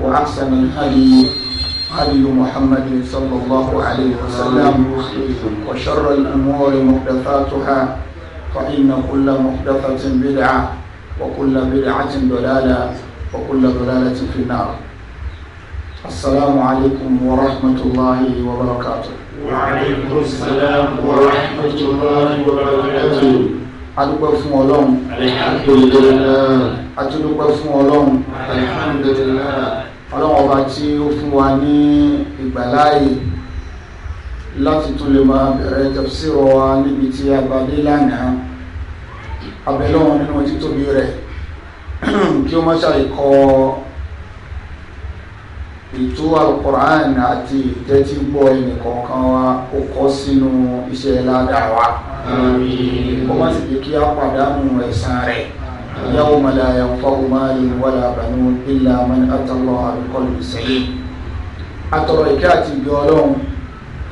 وأحسن الهدي هدي محمد صلى الله عليه وسلم وشر الأمور محدثاتها فإن كل محدثة بدعة وكل بدعة ضلالة وكل ضلالة في النار السلام عليكم ورحمة الله وبركاته وعليكم السلام ورحمة الله وبركاته adúpẹ́ fún ọlọ́run alihamdulilayi adúpẹ́ fún ọlọ́run alihamdulilayi ọlọ́run ọba tí ó fún wa ní ìgbàláyè láti tún lè máa bẹ̀rẹ̀ tafsir wa níbi tí a bá dé lánàá abẹ́lọ́run nínú títóbi rẹ̀ kí ó má ṣàìkọ ìtú alukur'an àti ìtẹ́tí gbọ́ ẹnì kọ̀ọ̀kan wa ó kọ́ sínú iṣẹ́ ládàá wa ó má sì jẹ́ kí a pàdánù ẹ̀san rẹ̀. يوم لا ينفع مال ولا بنون إلا من أتى الله بقلب سليم أتركات الجولون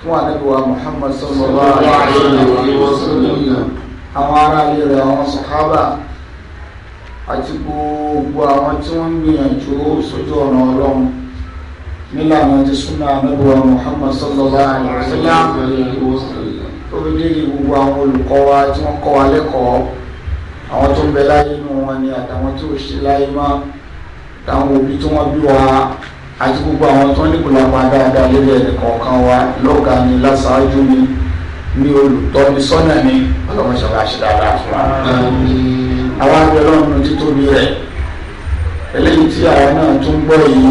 fún àdẹ́gbẹ̀wà Muhammad sallallahu alaihi wa sallam àwọn ará ilé rẹ̀ àwọn sàhábà àti gbogbo àwọn tí wọ́n ń gbìyànjú sójú ọ̀nà ọlọ́run nílànà ti súnà àdẹ́gbẹ̀wà Muhammad sallallahu alaihi wa sallam tó fi dé gbogbo àwọn olùkọ́ wa tí wọ́n kọ́ wa lẹ́kọ̀ọ́ àwọn tó ń bẹ láyé nù wọn ni àtàwọn tí ṣe láyé mọ́ táwọn òbí tí wọ́n bí wa àti gbogbo àwọn tó ń nípìnlẹ̀ pa dáadáa lórí ẹnì kọ̀ọ̀kan wa lọ́gàá ni lásáájú ni ní olùtọ́ni sọ́nà ni ọlọ́mọṣẹ́ bá ṣe dáadáa fún wa. àwọn abẹ́rẹ́ ọ̀nà títóbi rẹ̀ eléyìí tí àwọn náà tún gbọ́ yìí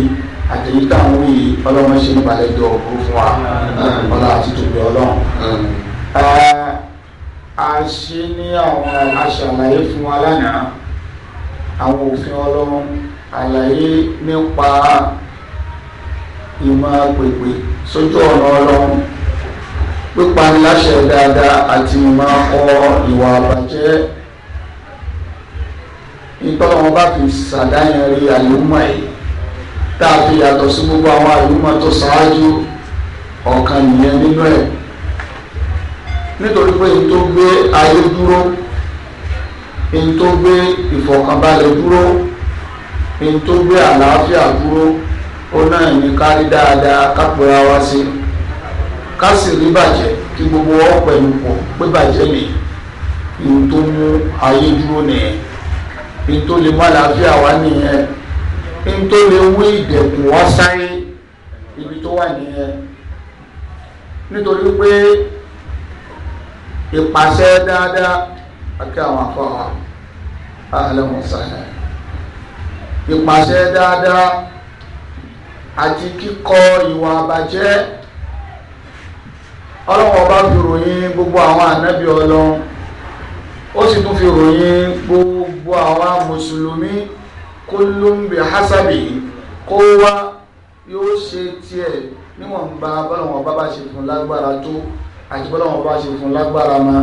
àtẹ̀yí táwọn yìí ọlọ́mọṣẹ́ nípàdé jọ òkú fún wa ọlọ́ àti tòbi ọlọ́run ṣe ní àwọn aṣàlàyé fún wa lánàá àwọn òfin ọlọ́run àlàyé nípa ìmọ̀ pèpè sójú ọ̀nà ọlọ́run pípa láṣẹ dáadáa àti ìmọ̀ ọ ìwà àbàjẹ́ ìtọ́lọ́wọ́n bá fi sàdáyàn rí àlùmọ̀ yìí tá a fi yàtọ̀ sí gbogbo àwọn àlùmọ̀ tó ṣáájú ọ̀kan nìyẹn nínú ẹ̀ nítorí pé n tó gbé ayé dúró n tó gbé ìfọ̀kànbalẹ̀ dúró n tó gbé àlàáfíà dúró ó náà ní kárí dáadáa kápẹ́ra wá sí ká sì rí bàjẹ́ kí gbogbo wọn pẹ̀lú pọ̀ pé bàjẹ́ mi n tó mú ayé dúró nìyẹn n tó lè mú àlàáfíà wá nìyẹn n tó lè wí ìdẹ̀kùn wá sáyé ibi tó wà nìyẹn nítorí pé ìpàṣẹ dáadáa àti àwọn afọwà alẹ́wọ̀nsálẹ̀ ìpàṣẹ dáadáa àti kíkọ ìwà àbàjẹ́ ọlọ́wọ́ bá fi ròyìn gbogbo àwọn ànábì ọlọ́run ó sì tún fi ròyìn gbogbo àwọn mùsùlùmí kullum bi hasabi kó wá yóò ṣe tiẹ̀ níwọ̀nba bọ́lọ̀wọ̀n bá bá ṣe fún lágbára tó àti bọ́lá wọn bá ṣe fún lágbára ma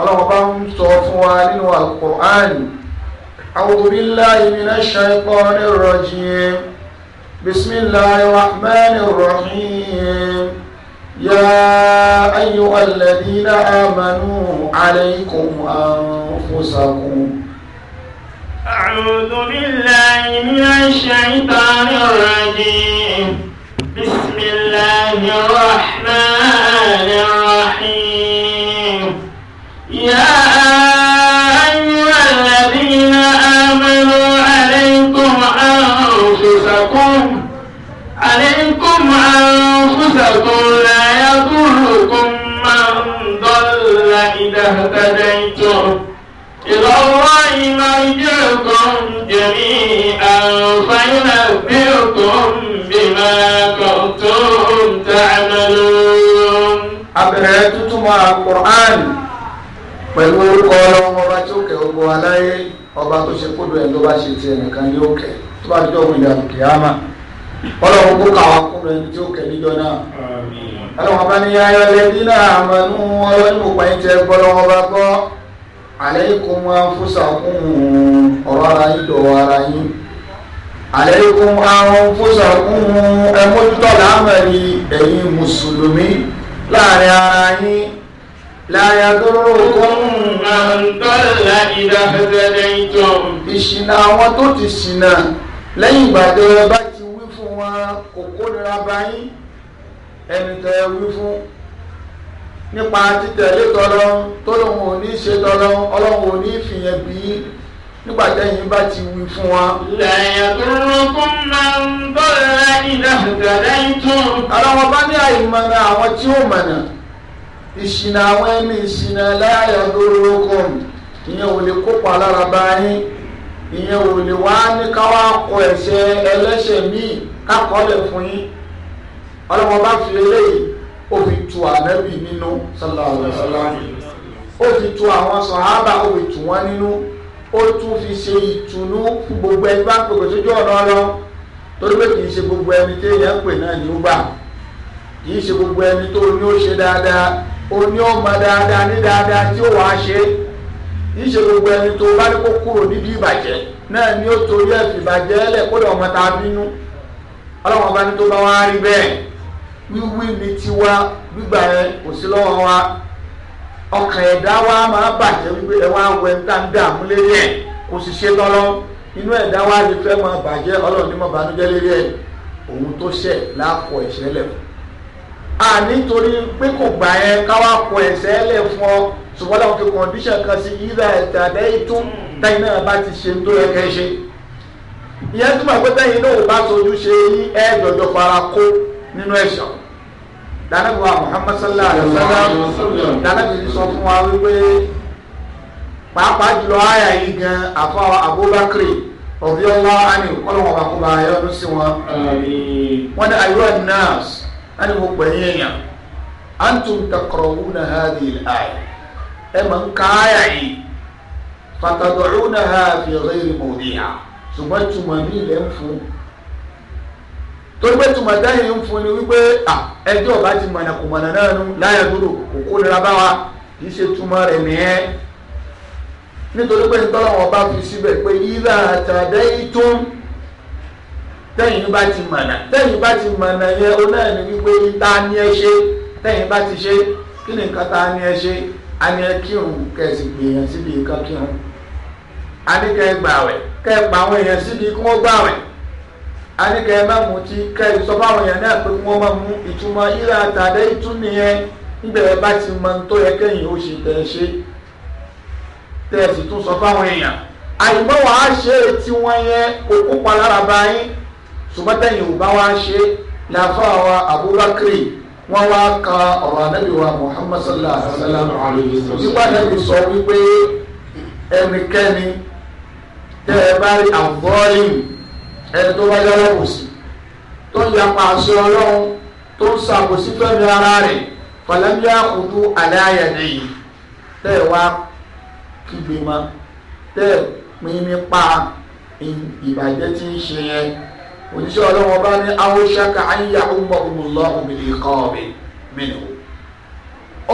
ọlọ́wọ́n bá ń sọ fún wa nínú alukur'an a'udhu billahi minash shaytanir rajim bismillahir rahmanir rahim ya ayyuhal ladhina amanu alaykum anfusakum. أعوذ بالله من الشيطان الرجيم بسم الله الرحمن يا أيها الذين آمنوا عليكم أنفسكم عليكم أنفسكم لا يضركم من ضل إذا اهتديتم إلى الله Qur'an pẹ̀lú orúkọ ọlọ́run ọba tí ó kẹ́ gbogbo aláyé ọba tó ṣe kódò ẹ̀ ló bá ṣe ti ẹnìkan ní ó kẹ́ tó bá jọ òun ìyàwó kìámà ọlọ́run kó káwọn kúrò ẹni tí ó kẹ́ níjọ náà ọlọ́run ọba ní ayọ̀ lẹ́bí náà àmọ́nú ọlọ́run kò pẹ́yìn tẹ gbọ́lọ́run ọba gbọ́ alaykum anfusakum ọ̀rọ̀ ara yín dọ̀wọ́ ara yín alaykum anfusakum ẹmójútó làámẹ̀rí ẹ̀yin mùsùlùmí láàrin ara yín لا يضركم من ضل إذا اهتديتم ìṣìnà àwọn tó ti ṣìnà lẹ́yìn ìgbà tẹ ẹ bá ti wí fún wọn kò kórira bá yín ẹni tẹ ẹ wí fún nípa títẹ̀lé tọ́lọ́ tó lóun ò ní ṣe tọ́lọ́ ọlọ́run ò ní fìyẹn bí nígbà tẹ́yìn bá ti wí fún wa. lẹ́yìn tó rọ́kùn máa ń bọ̀rẹ̀ ìdáhùn tẹ̀lé ìtún. àwọn ọba ní àyè mọ̀nà àwọn tí ó mọ̀nà ìṣìnà àwọn ẹni ìṣìnà láyà lóró kọ̀ọ̀m ìyẹn ò lè kópa lára bá yín ìyẹn ò lè wá ní káwá kọ ẹ̀ṣẹ̀ ẹlẹ́ṣẹ̀ míì kákọ́lẹ̀ fún yín ọlọ́mọ bá fi eléyìí ó fi tu ànábì nínú sallallahu alaihi wasallam ó fi tu àwọn sàhábà ó fi tu wọ́n nínú ó tún fi ṣe ìtùnú fún gbogbo ẹni bá ń pèpè sójú ọ̀nà ọlọ́run torí pé kì í ṣe gbogbo ẹni téèyàn ń pè náà ní ó gbà kì í ṣe gbogbo ẹni tó ní ó ṣe dáadáa oní ọmọ dáadáa ní dáadáa tí ó wàá ṣe ìṣe gbogbo ẹni tó bá ní kó kúrò níbi ìbàjẹ́ náà ni ó torí ẹ̀ fìbàjẹ́ lẹ̀ kódà ọmọ tá a bínú ọlọ́wọ́n bá ní tó bá wá rí bẹ́ẹ̀ wíwí ni tiwa gbígbà yẹn kò sí lọ́wọ́ wa ọkàn ẹ̀dá wa máa bàjẹ́ wípé ẹ wá wẹ tá ń dààmú lérí ẹ̀ kò sì ṣe tọ́lọ́ inú ẹ̀dá wa lè fẹ́ máa bàjẹ́ ọlọ́run bánújẹ́ lérí ẹ̀ òun tó ṣẹ̀ láàpọ̀ ìṣẹ̀lẹ̀ a nítorí pé kò gbà yẹn káwá kọ ẹ̀sẹ̀ lẹ̀ fún ọ ṣùgbọ́n láwọn fi kọ̀ǹdíṣàn kan sí yíra ẹ̀tẹ̀ àbẹ́yìí tún tẹ́yìn náà bá ti ṣe tó yẹ kẹ́ ṣe ìyẹn túmọ̀ pé tẹ́yìn náà ò bá sojú ṣe ní ẹ̀ẹ́dọ̀dọ̀ fara kó nínú ẹ̀ṣọ́ danabi wa muhammad sallallahu alaihi wa sallam danabi sọ fún wa wípé pàápàá jùlọ àyà yìí gan afọ abubakar radiyallahu anhu kọlọmọba kọba ayọdún sí wọn. wọn ní ayọ nas ariwo gbẹ̀yìn èèyàn antum taqra'una hadhihi al-aya ẹ máa ń ka àyà yìí fatad'unaha fi ghayri mawdi'iha ṣùgbọ́n túmọ̀ ní ilẹ̀ ń fún torí pé túmọ̀ dáhìn ń fún ni wípé ẹjọ́ ọba ti mọ̀nà kò mọ̀nà náà nù láyà dúró kò kó lera bá wa kì í ṣe túmọ̀ rẹ̀ nìyẹn nítorí pé nítorí wọn bá fi síbẹ̀ pé yíyá àtàdé ìtún tẹ́yìn bá ti mọ̀nà tẹ́yìn bá ti mọ̀nà yẹn o náà ní wípé ta ni ẹ ṣe tẹ́yìn bá ti ṣe kí ni nǹkan ta ni ẹ ṣe a ní ẹ kírun kẹsì gbìyàn síbi nǹkan kírun a ní kẹ gbàwẹ̀ kẹ pa àwọn èèyàn síbi kí wọ́n gbàwẹ̀ a ní kẹ má mú ti kẹ sọ fáwọn èèyàn náà pé kí wọ́n má mú ìtumọ̀ ìlà àtàdé ìtún nìyẹn níbẹ̀ bá ti mọ tó yẹ kẹ́yìn ó ṣe tẹ̀ ṣe tẹ̀ sì tún sọ fáwọn èèyàn àyùmọ̀ wàá ṣe tiwọn yẹn kò kópa báyìí ṣùgbọ́n tẹ̀yìn ò bá ṣe láfa wa Abubakar wọ́n wá kan ọ̀rọ̀ anábì wa Muhammad sallallahu alaihi wa sallam nípa anábì sọ wípé ẹnikẹ́ni tẹ́ ẹ bá rí àbọ́ọ̀lìm ẹni tó bá yọrọ kù sí tó ń yapa àṣẹ ọlọ́run tó ń ṣàkóso fẹ́mi ara rẹ̀ fọlẹ́mí àkùdú aláyàdé yìí tẹ́ ẹ wá kígbe mọ́ tẹ́ ẹ pín nípa ìbàjẹ́ tí ń ṣe yẹn. òjíṣẹ́ ọlọ́wọ́n bá ní awúṣáka ayíyá ụmụ ọmọlá òmìnir kan ọ̀bẹ mìíràn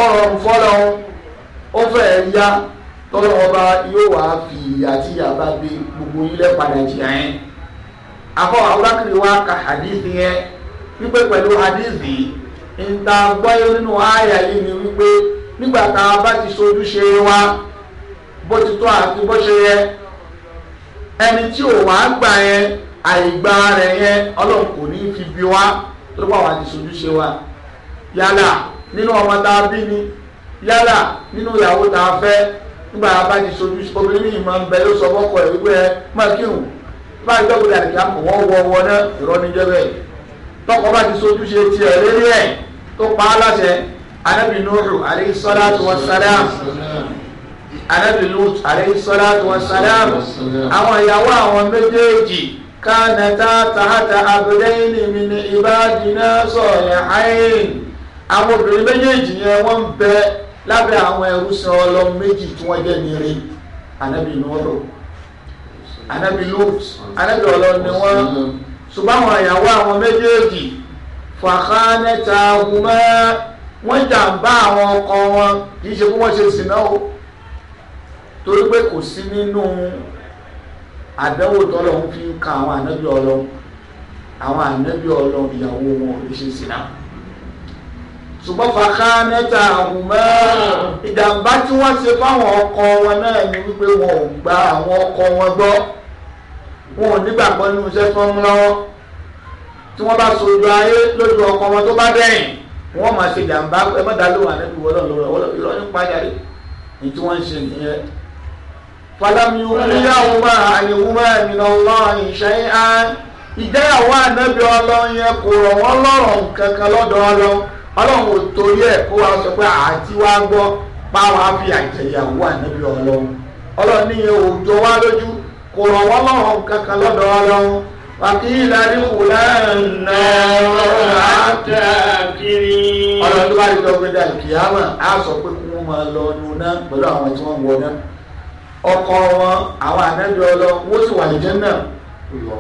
ọ̀rọ̀ nfọ́lọ́ ó fẹ́ yá tọ́lọ́wọ́n bá yóò wá fi gbogbo ilé padà afọ awúrákiri wa ka hadith yẹn wípé pẹ̀lú hadith nta gbọyọ nínú àyà yìí ni wípé nígbà tá a bá ti wa bó ti tó bó ṣe yẹ ẹni tí àìgbà rẹ̀ yẹn ọlọ́run kò ní fi bí wá tó bá wà ní sojúṣe wa yálà nínú ọmọ tá a bí ni yálà nínú ìyàwó tá a fẹ́ nígbà bá ti sojúṣe obìnrin yìí máa ń bẹ yóò sọ fọ́kọ ẹ̀ wípé ẹ má kírun bá a gbẹ́kọ̀ọ́ dàrí kí wọ́n wọ ọwọ́ náà ìrọ́ ní jẹ́ bẹ́ẹ̀ tọkọ bá ti sojúṣe tiẹ̀ lérí ẹ̀ tó pa á láṣẹ anabi nuhu alayhi salatu wa salam anabi lut alayhi salatu wa salam àwọn ìyàwó àwọn méjèèjì. كانتا تحت عبدين من عبادنا صالحين àwọn obìnrin méjèèjì yẹn wọ́n ń bẹ lábẹ́ àwọn ẹrúsìn ọlọ́run méjì tí wọ́n jẹ́ nire anabi nuru anabi lut anabi ọlọ́run ni wọ́n ṣùgbọ́n àwọn ìyàwó àwọn méjèèjì fàkánẹ́ta ahùnmọ́ wọ́n jàǹbá àwọn ọkọ wọn kì í ṣe kí wọ́n ṣe sìnà o torí pé kò sí nínú àdánwò tọ́lọ́hún fi ń ka àwọn ànábì ọlọ́hún àwọn ànábì ọlọ́hún ìyàwó wọn oríṣi sílá ṣùgbọ́n fàkà mẹ́ta àwùmọ́ ìdàmbá tí wọ́n ṣe fáwọn ọkọ wọn náà ni wípé wọn ò gba àwọn ọkọ wọn gbọ́ wọn ò nígbàgbọ́ nínú iṣẹ́ tí wọ́n mú lọ́wọ́ tí wọ́n bá sojú ayé lójú ọkọ wọn tó bá dẹ̀yìn wọ́n máa ṣe ìdàmbá ẹ má dá lóhùn ànábì wọlọ́ọ̀lọ́wọ́ ìrọ́ nípa jáde tí wọ́n ń ṣe nìyẹn fọlọ́mù oníyàwó máa àyẹ̀wò máa mìíràn ọlọ́run ṣẹ́yìn á ìjẹ́yàwó ànábì ọlọ́run yẹn kò rọ̀ wọ́n lọ́rọ̀ kankan lọ́dọ̀ ọlọ́run ọlọ́run ò torí ẹ̀ kó wa sọ pé àti wá gbọ́ ọlọ́run ọlọ́run wá lójú kò rọ̀ wọ́n kankan lọ́dọ̀ ọlọ́run ọkọ wọn àwọn ànábì Ọlọ́run wọ́n sì wà lẹ́jẹ̀ náà ìwọ.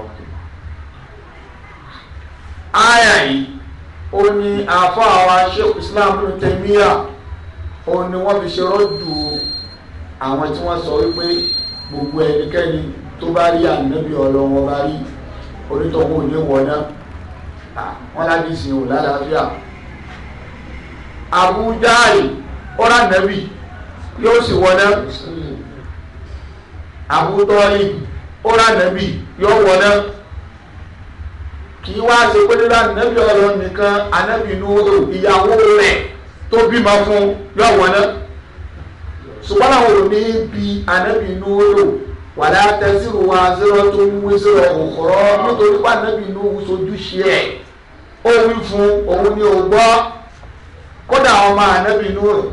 àyà yìí ó ní àfọ àwọn Sheikh Islam ní tẹ̀míyà ó ní wọ́n fi ṣe rọ́dù àwọn tí wọ́n sọ wípé gbogbo ẹnikẹ́ni tó bá rí ànábì Ọlọ́run wọn bá rí onítọ̀hún ò ní wọná wọn láti sìn ò lálàáfíà Abu Jahl ọ̀rá nàbì yóò sì wọná àbútọ́lì ó rà nẹ́bì yóò wọná kì í wá ṣe pé nílá nẹ́bì ọ̀rọ̀ nìkan anẹ́bì inú ìyàwó rẹ̀ tó bímọ fún yóò wọná ṣùgbọ́n àwọn òní bí anẹ́bì inú rò wà látẹ́sí wa zero tó ń wí zero ọ̀kọ̀rọ̀ nítorí pé anẹ́bì inú sojú ṣe ẹ̀ ó wí fún òun ni o gbọ́ kódà ọmọ anẹ́bì inú rò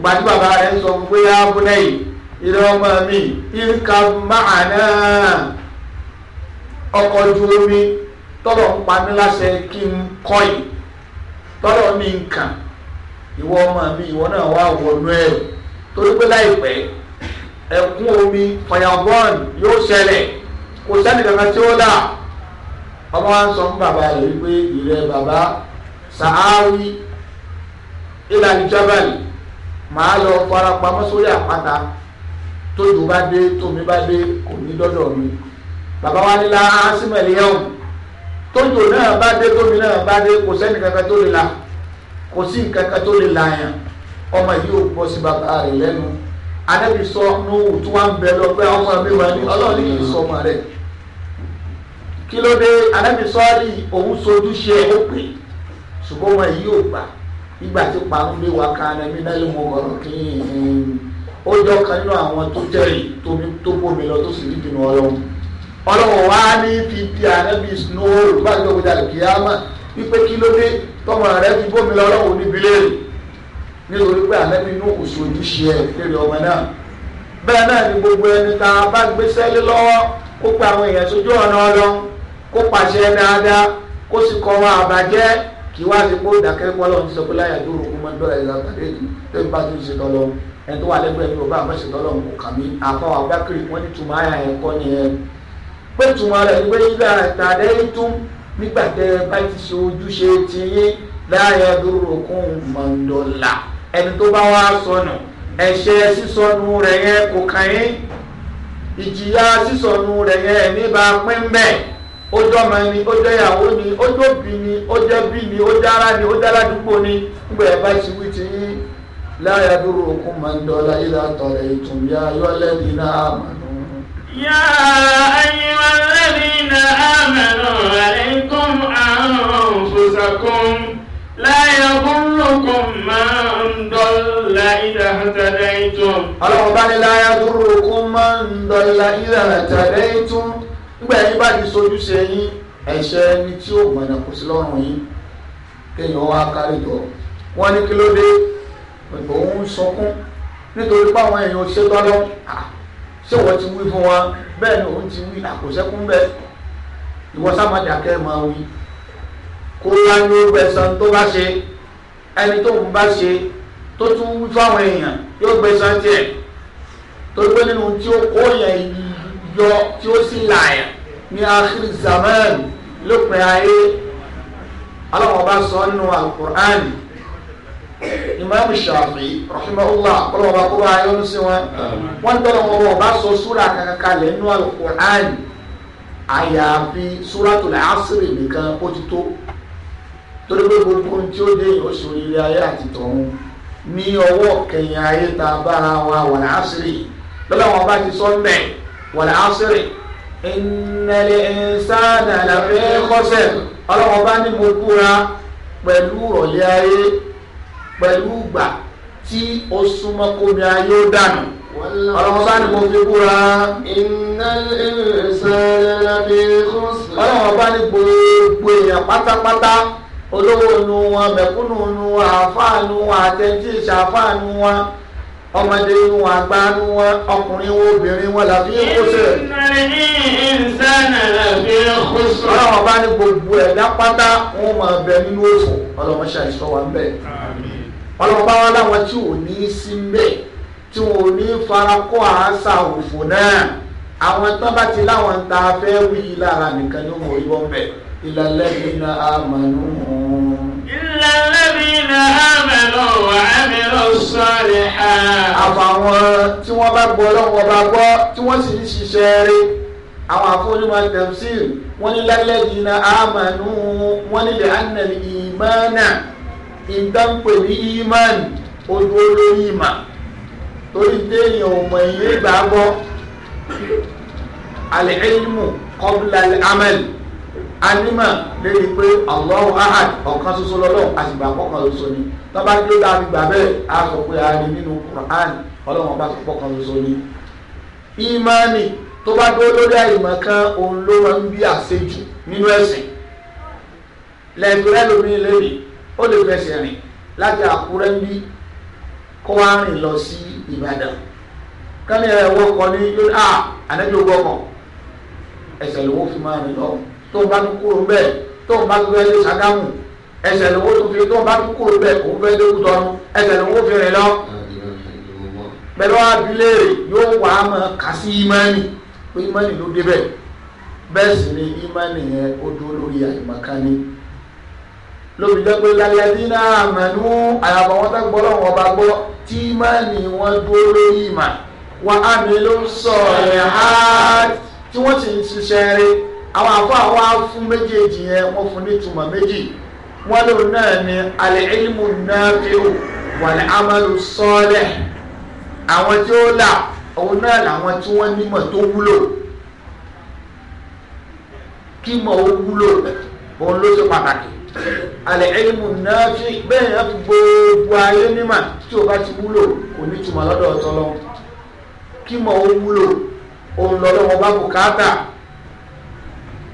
gbàdúrà bàbá rẹ̀ ń sọ fún pé yá abúlé ìrẹ́ ọmọ mi ìka máàná ọkọ̀ ojú omi tọ́lọ̀ ń pa mí láṣẹ kí n kọ́ yìí tọ́lọ̀ mi ń kàn ìwọ ọmọ mi ìwọ náà wà wọnú ẹ̀ torí pé láìpẹ́ ẹ̀kún omi fọyàbọ́ọ̀n yóò ṣẹlẹ̀ kò sẹ́ni kankan tí ó dà ọmọ wa ń sọ fún bàbá rẹ̀ wípé ìrẹ́ bàbá sàáwí ìlànà ìjábàlì màá lọ farapamọ́ sórí àpáta tójú bá dé tómi bá dé kò ní dọ́dọ̀ mi bàbá wa ní la símẹ̀lì yẹn o tójú náà bá dé tómi náà bá dé kò sẹ́ni kankan tó lè la kò sí kankan tó lè la yẹn ọmọ yìí ò bọ́ sí bàbá rẹ̀ lẹ́nu anábì sọ nù tí wọ́n ń bẹ lọ pé ọmọ mi wà ní ọlọ́run ní kì í sọ ọmọ rẹ̀ kí ló dé anábì sọ́ọ́lì òun sojú ṣe ó pè ṣùgbọ́n ọmọ yìí ò gbà nígbà tí parun lé wa kan ẹ̀mí náà ló mọ̀ ọ̀rọ̀ kí ó jọ kan nínú àwọn tó jẹ́rìí tó bómi lọ tó sì rí ìdùnnú ọlọ́run ọlọ́run wá ní fi di ànábì snow bá ti lọ́gbọ́dá lè kíyàmá wípé kí ló dé tọmọ rẹ fi bómi lọ ọlọ́run níbi léèrè nítorí pé ànábì inú kò sojúṣe ẹ̀ léèrè ọmọ náà bẹ́ẹ̀ náà ni gbogbo ẹni tá a bá gbéṣẹ́ lé lọ́wọ́ kó pa àwọn èèyàn sójú ọ̀nà ọlọ́run kó pàṣẹ dáadáa kó sì kọ́ wọn àbàjẹ́ kí wá sí pé ó dàkẹ́ pọ́lọ́run ti sọ pé láyà dúró kó mọ́ dọ́ọ̀ ẹ̀ ẹni tó wà lẹ́gbẹ̀ẹ́ mi ò àmọ́ ṣètò ọlọ́run kò kàn àpá wa bákìrì wọ́n ní tùmọ̀ ara ẹ̀ kọ́ ni ẹ pé tùmọ̀ ara ẹ̀ pé ilé àtàdé tún nígbà tẹ bá ti ṣe ojúṣe ti yín láàyè dúrókùn mọ̀ndọ̀là ẹni tó bá wá sọnù ẹ̀ṣẹ̀ sísọnù rẹ̀ yẹn kò kàn yín ìjìyà sísọnù rẹ̀ yẹn ní bá pín bẹ́ẹ̀ ó jọmọ ni ó jẹyàwó ni ó jọbi ni ó jẹbi ni ó jára ni ó jára dúpọ̀ ni nígbà yẹn bá ti wí ti yín لا يضركم من ضل إذا طريتم يا أيها الذين آمنوا يا أيها الذين آمنوا عليكم أنفسكم لا يضركم من ضل إذا اهتديتم الله لا يضركم من ضل إذا اهتديتم gbẹ̀yìn bá ti sojú ṣe yín ẹ̀ṣẹ̀ ẹni tí ó mọ̀nà kò sí lọ́rùn yín kéèyàn wá kárí lọ wọ́n ní kí ló dé òun sọkún nítorí pé àwọn èèyàn ṣe tọ́lọ́ ṣé wọ́n ti wí fún wọn bẹ́ẹ̀ ni òun ti wí àkòṣẹ́kún bẹ́ẹ̀ ìwọ sámadàkẹ́ máa wí kó wá ní ó gbẹ̀san tó bá ṣe ẹni tó ń bá ṣe tó tún wí fáwọn èèyàn yóò gbẹ̀san tiẹ̀ torí pé nínú tí ó kó yẹn yọ tí ó sì làyà ní akhir zaman lópin ayé aláwọ̀ bá sọ nínú alukur'ani imaamu shafi rahimahullah kọlọ ọba kọba ayọnu sí wọn wọn tọrọ wọn bọ ọba sọ súra kankan kalẹ̀ nínú alukur'an àyàfi súratul asiri nìkan ó ti tó torí pé gbogbo tí ó dé yìí ó sọ ilé ayé àti tọ̀hún ní ọwọ́ kẹyìn ayé ta bára wa wal asiri lọ́la wọn bá ti sọ mẹ́ wal asiri innal insana lafi khusr ọlọ́wọ́n bá ní mo kúra pẹ̀lú ọ̀lẹ́ ayé pẹ̀lú ìgbà tí ó súnmọ́ kómi ayé ó dànù ọlọ́mọba ni mo fi búra. innal insana lafi khusr. ọlọ́mọba ni gbogbo èèyàn pátápátá olówó nu wọn mẹ̀kúnnù nu wọn àáfàá nu wọn àtẹ̀jí ìṣàáfàá nu wọn ọmọdé nu wọn àgbà nu wọn ọkùnrin wọn obìnrin wọn làbí khusr. innal insana ni gbogbo ẹ̀dá pátá wọn máa bẹ nínú òfò ọlọ́mọṣà ìṣọwà ń bẹ̀ ọlọ́pàá wọn láwọn tí ò ní í sí mbẹ́ tí wọn ò ní farakọ́ àásà òfò náà àwọn tán bá ti láwọn ta fẹ́ wí lára nìkan ló mọ̀ yọ mbẹ́ ìlàlẹ́bìnà àmàlù. ìlàlẹ́bìnà àmàlù àmìlò sọ̀rọ̀ ha. àfàwọn tí wọ́n bá gbọ́ lọ́wọ́ bá gbọ́ tí wọ́n sì ń ṣiṣẹ́ rí àwọn àfọlùmọ̀ tẹ̀síìl wọ́n ní lálẹ́bìnà àmàlù wọ́n nílẹ̀ ànàlì ìmọ̀ náà ìdánpè ní imán ojú olórí ìmà torí déèyàn ọmọ ẹ̀yìn ìgbàgbọ́ alẹ́ẹ̀lmù kọ́bílà amẹ́l anímà lérí pé Allahu ahad ọ̀kan ṣoṣo lọ́lọ́ àṣìgbà kọ́kan ṣoṣo ni tọ́ba tó dáa fi gbà bẹ́ẹ̀ á sọ pé a rí nínú Qur'an ọlọ́wọ́n bá sọ kọ́kan ṣoṣo ni ìmánì tó bá dúró lórí àyèmọ̀ kan òun ló máa ń bí àṣejù nínú ẹ̀sìn lẹ́gbẹ̀rẹ́ lómi lónìí ó lè fẹsẹ̀ rìn láti àkúrẹ́ ń bí kó wá rìn lọ sí ìbàdàn kánú ẹ̀rọ wọ́kọ̀ ní yóò à ànájú owó ọkọ̀ ẹsẹ̀ lówó fi máa rìn lọ tó ń bá tún kúrò ń bẹ̀ tó ń bá tún fẹ́ lé sàgámù ẹsẹ̀ lówó tún fi tó ń bá tún kúrò ń bẹ̀ kó ń fẹ́ lé wùtọ́nu ẹsẹ̀ lówó fi rìn lọ pẹ̀lú abilé yóò wà á máa kà sí ìmánì pé ìmánì ló débẹ̀ bẹ́ẹ̀ sì ni ìmánì yẹn ó dúró lórí àyèmọ̀ká lóbi jẹ́ pé lálẹ́bí náà mẹ́nu àyàbọ̀ wọn tẹ́gbọ́ lọ́wọ́ ọba gbọ́ tí mẹ́ni wọn dúró lórí ìmà wọn àmì ló ń sọ ẹ̀ á tí wọ́n sì ń ṣiṣẹ́ rí àwọn àfọ àwọn afún méjèèjì yẹn wọ́n fún ní ìtumọ̀ méjì wọ́n lòun náà ni al-ilmu nafi'u wal-amalu salih àwọn tí ó là òun náà làwọn tí wọ́n nímọ̀ tó wúlò kí mọ̀ ó wúlò òun ló ṣe pàtàkì. àlẹ́ẹ̀lìmù náà fi bẹ́ẹ̀ náà fi gbogbo ayé nímà tí o bá ti wúlò kò ní túmọ̀ lọ́dọ̀ ọ̀tọ́ lọ kí mọ̀ ó wúlò òun lọ lọ́wọ́ bá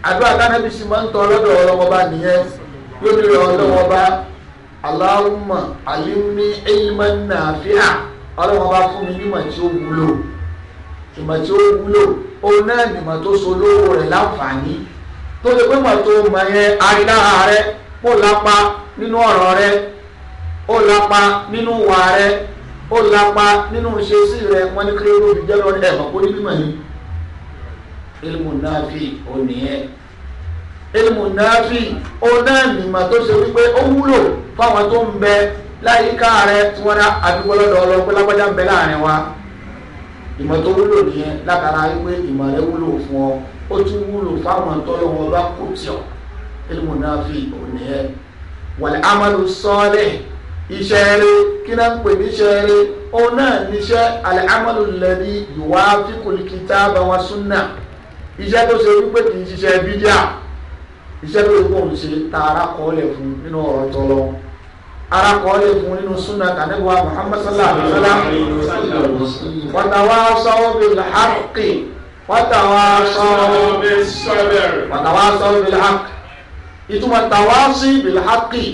àdúrà ń tọ́ lọ́dọ̀ bá nìyẹn lórí ọlọ́wọ́ bá aláwùmọ̀ àlímí ẹ̀yìnmọ́ náà fi hà bá fún mi nímọ̀ tí ó wúlò ìmọ̀ tí ó wúlò òun náà tó so lówó rẹ̀ ó lapa nínú ọ̀rọ̀ rẹ ó lapa nínú wà rẹ ó lapa nínú ìṣesí rẹ wọn ní kí ló fi jẹ́ lọ́rí ẹ̀ mọ̀ kó ní bímọ yìí ilmu nafi oníyẹn ilmu nafi ó náà nìmọ̀ tó ṣe wípé ó wúlò fáwọn tó ń bẹ láyìíká rẹ tí wọ́n dá àdúgbò lọ́dọ̀ ọlọ́pẹ́ lágbájá ń bẹ láàrin wa ìmọ̀ tó wúlò nìyẹn látara wípé ìmọ̀ rẹ wúlò fún ọ ó tún wúlò fáwọn tọ́lọ́wọ́ bá kò tí ilmu nafi ònìyẹ wàlẹ̀ amalu sọ́ọ̀lẹ̀ iṣẹ́ eré kí náà ń pè ní iṣẹ́ eré òun náà níṣẹ́ alẹ́ amalu lẹ́ni ìwà fíkùlìkìtà báwa súnà iṣẹ́ tó ṣe wípé kì í ṣiṣẹ́ bídíà iṣẹ́ tó kò ń ṣe ta ara kọ́ọ̀lẹ̀ fún nínú ọ̀rọ̀ tọ́lọ́ ara kọ́ọ̀lẹ̀ fún nínú súnà tànẹ́wà Muhammad sallallahu alaihi wasallam wàtàwà sọ́wọ́ bil haqqi wàtàwà sọ́wọ́ bil sabr ìtumọ̀ tàwáṣí bilhaki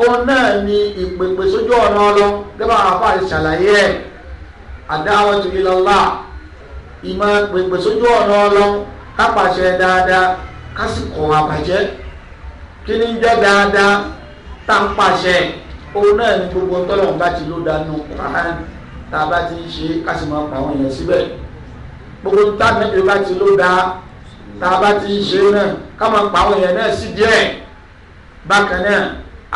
òun náà ni ìpèpè sójú ọ̀nà ọlọ gẹ́gẹ́ àwọn afáàrí ṣàlàyé ẹ̀ àdáwọ̀ tó yí lọ́lá ìmọ̀ pèpè sójú ọ̀nà ọlọ kápàṣẹ dáadáa kásìkò àbàjẹ́ kí ni ń jẹ́ dáadáa tá ń pàṣẹ òun náà ni gbogbo tọ́lọ̀ bá ti ló dánú kọ́hán tá a bá ti ń ṣe kásìmọ̀ pàwọn èèyàn síbẹ̀ gbogbo táwọn èèyàn bá ti ló dáa tá a bá ti ṣe náà ká máa pa àwọn èèyàn náà sí díẹ̀ bákan náà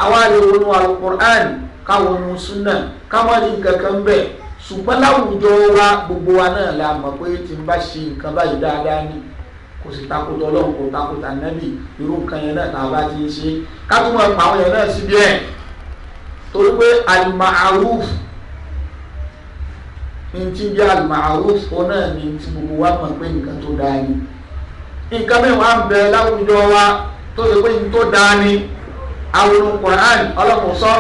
àwa lè wọnú alukur'an ká wọnú súnà ká má rí nǹkan kan bẹ́ẹ̀ ṣùgbọ́n láwùjọ wa gbogbo wa náà la mọ̀ pé tí n bá ṣe nǹkan báyìí dáadáa ni kò sì takòtò ọlọ́run kò takòtò ànábì irú nǹkan yẹn náà tá ti ṣe ká pa àwọn yẹn náà síbi ẹ̀ torí pé alimaharuf ní ti bí alimaharuf ó náà ní ti gbogbo wa mọ̀ pé nǹkan tó dáa ni nǹkan mẹ́wàá ń bẹ láwùjọ wa tó ṣe pé ní tó dáa ni àwòrán Quran ọlọ́kùn sọ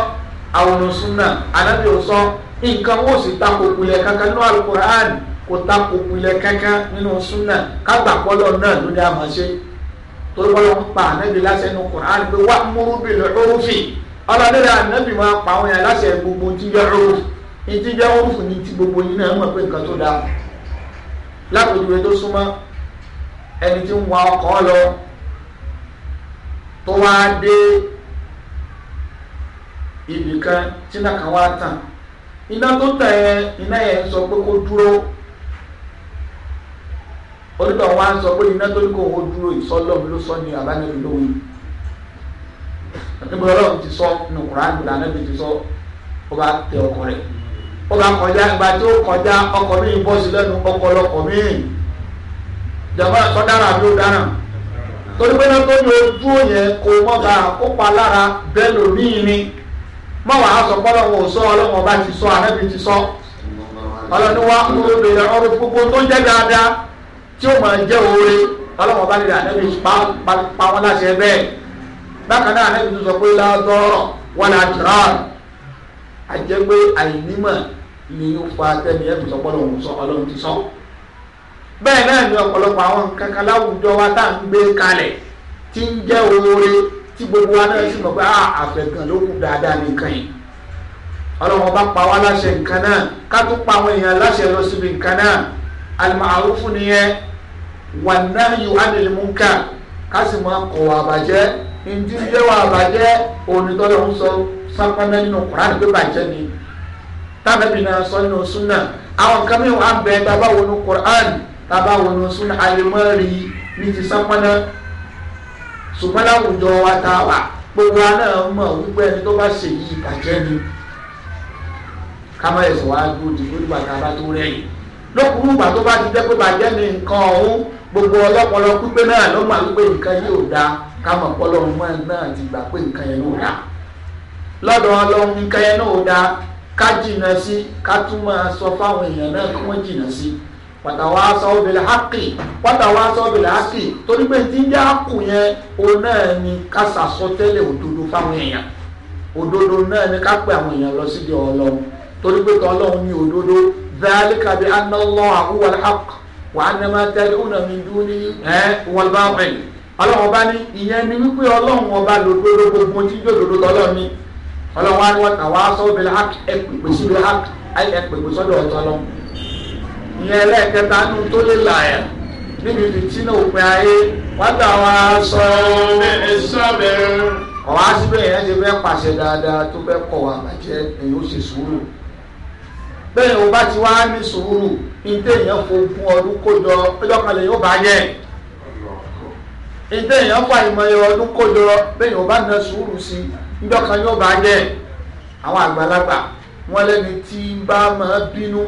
àwòrán sunna anábì ò sọ nǹkan wò sí tako pilẹ̀ kankan nínú Quran kò tako pilẹ̀ kankan nínú sunna kágbà pọ́lọ́ náà ló dé àmọ́ ṣe torí wọ́n lọ ń pa ànábì láṣẹ nínú Quran pé wà múrú bí lọ rúfì ọlọ́dẹ́rẹ́ ànábì máa pa àwọn yẹn láṣẹ gbogbo tí jẹ́ rúfì ní tí jẹ́ rúfì ní ti gbogbo yìí náà mọ̀ pé nǹkan tó dáa lápèjúwe ẹni tí ń wa ọkọ̀ lọ tó wá dé ibìkan tí náà kan wá tàn iná tó tàn yẹn iná yẹn sọ pé kó dúró onígbà wa ń sọ pé iná tó ní kó o dúró ìsọlọ́ọ̀mù ló sọ ní àbánẹ́bí lóhùn níbo lọ́wọ́ ti sọ nínú Kùránì ànábì ti sọ ó bá tẹ ọkọ rẹ̀ ó bá kọjá ìgbà tí kọjá ọkọ mi bọ́ sí lẹ́nu ọkọ lọkọ mi jàmbá ẹ̀kọ́ dára ló dára torí pé náà tó ní ojú yẹn kó mọ́ba kópa lára bẹ́ẹ̀ lòmíì ni mọ́ wàá sọ pọ́lọ́ wọn ò sọ ọlọ́wọ́n ọba ti sọ àrẹ́bí ti sọ ọlọ́ni wa kúrò lè ọrọ̀ gbogbo tó ń jẹ́ dáadáa tí ó máa jẹ́ oore ọlọ́wọ́n ọba lè rà àrẹ́bí pa wọn láṣẹ bẹ́ẹ̀ bákan náà àrẹ́bí tó sọ pé láàdọ́rọ̀ wọn là jìrà àjẹgbé àìnímọ̀ ni ó fa tẹ́ni ẹ̀kú sọ pọ́lọ́ wọn sọ ọlọ́run ti sọ bẹ́ẹ̀ náà ni ọ̀pọ̀lọpọ̀ àwọn nǹkan kan láwùjọ wa tá à ń gbé kalẹ̀ tí ń jẹ́ oore tí gbogbo wa náà sì mọ̀ pé ah, àfẹ̀gàn ló kù dáadáa nìkan yìí ọlọ́wọ́n bá pa wá láṣẹ nǹkan náà ká tó pa àwọn èèyàn láṣẹ lọ síbi nǹkan náà alimaarufu nìyẹn wà náà yóò ánìlímúkà ká sì máa kọ̀ wà bàjẹ́ ntí ń jẹ́ wà bàjẹ́ onítọ́lọ́ ń sọ sápáná nínú Kùránì pé bàjẹ́ ni tábẹ́bí náà sọ nínú súnà àwọn kan mìíràn á bẹ tábà wọnú Kùránì tábà wọnú súnà àlèmọ́rì ní ti sánpọ́nà ṣùgbọ́n láwùjọ wa tá a wà gbogbo aná mọ̀ wípé ẹni tó bá ṣe yí ìbàjẹ́ ni ká má ẹ̀sọ̀ wá gbòdì gbòdìgbà tá a bá tó rẹ̀yìn lókùnrin ìgbà tó bá ti jẹ́ pé bàjẹ́ ni nǹkan ọ̀hún gbogbo ọlọ́pọlọ pípé náà ló máa wípé nǹkan yóò dáa ká mọ̀ pọ́lọ́run mọ́ náà ti gbà pé nǹkan yẹn yóò dáa lọ́dọ̀ ọlọ́run nǹkan yẹn náà ò dáa ká jìnnà sí ká tún sọ fáwọn èèyàn náà kí wọ́n jìnnà sí wàtàwàsọ bìlẹ̀ hákì wàtàwàsọ bìlẹ̀ hákì torí pé tí ń jẹ́ àkù yẹn o náà ni ká sàsọtẹ́lẹ̀ òdodo fáwọn èèyàn òdodo náà ni ká pè àwọn èèyàn lọ síbi ọlọ́run torí pé tọ́lọ́run ní òdodo dhalika bi anna Allaha huwa al-haqq wa anna ma tad'una min dunihi huwa al-batil ọlọ́run ọba ní ìyẹn ni wípé ọlọ́run ọba lòdodo gbogbo tí jẹ́ òdodo tọ́lọ́run ni ọlọ́run ìyẹn ẹlẹ́ẹ̀kẹta nù tó lè là ẹ̀ níbi fìtínà òpin ayé wádà wa sọ ọ́ ọ̀wá síbẹ̀ yẹn ti fẹ́ pàṣẹ dáadáa tó fẹ́ kọ̀ wá bàjẹ́ èyí ó ṣe sùúrù bẹ́ẹ̀ o bá ti wá ní sùúrù ìdé èèyàn fogún ọdún kójọ ọjọ́ kan lè yóò bá yẹ ìdé èèyàn fa ìmọ̀ye ọdún kójọ bẹ́ẹ̀ o bá na sùúrù sí ọjọ́ kan yóò bá yẹ àwọn àgbàlagbà wọn lẹ́ni tí ń bá máa bínú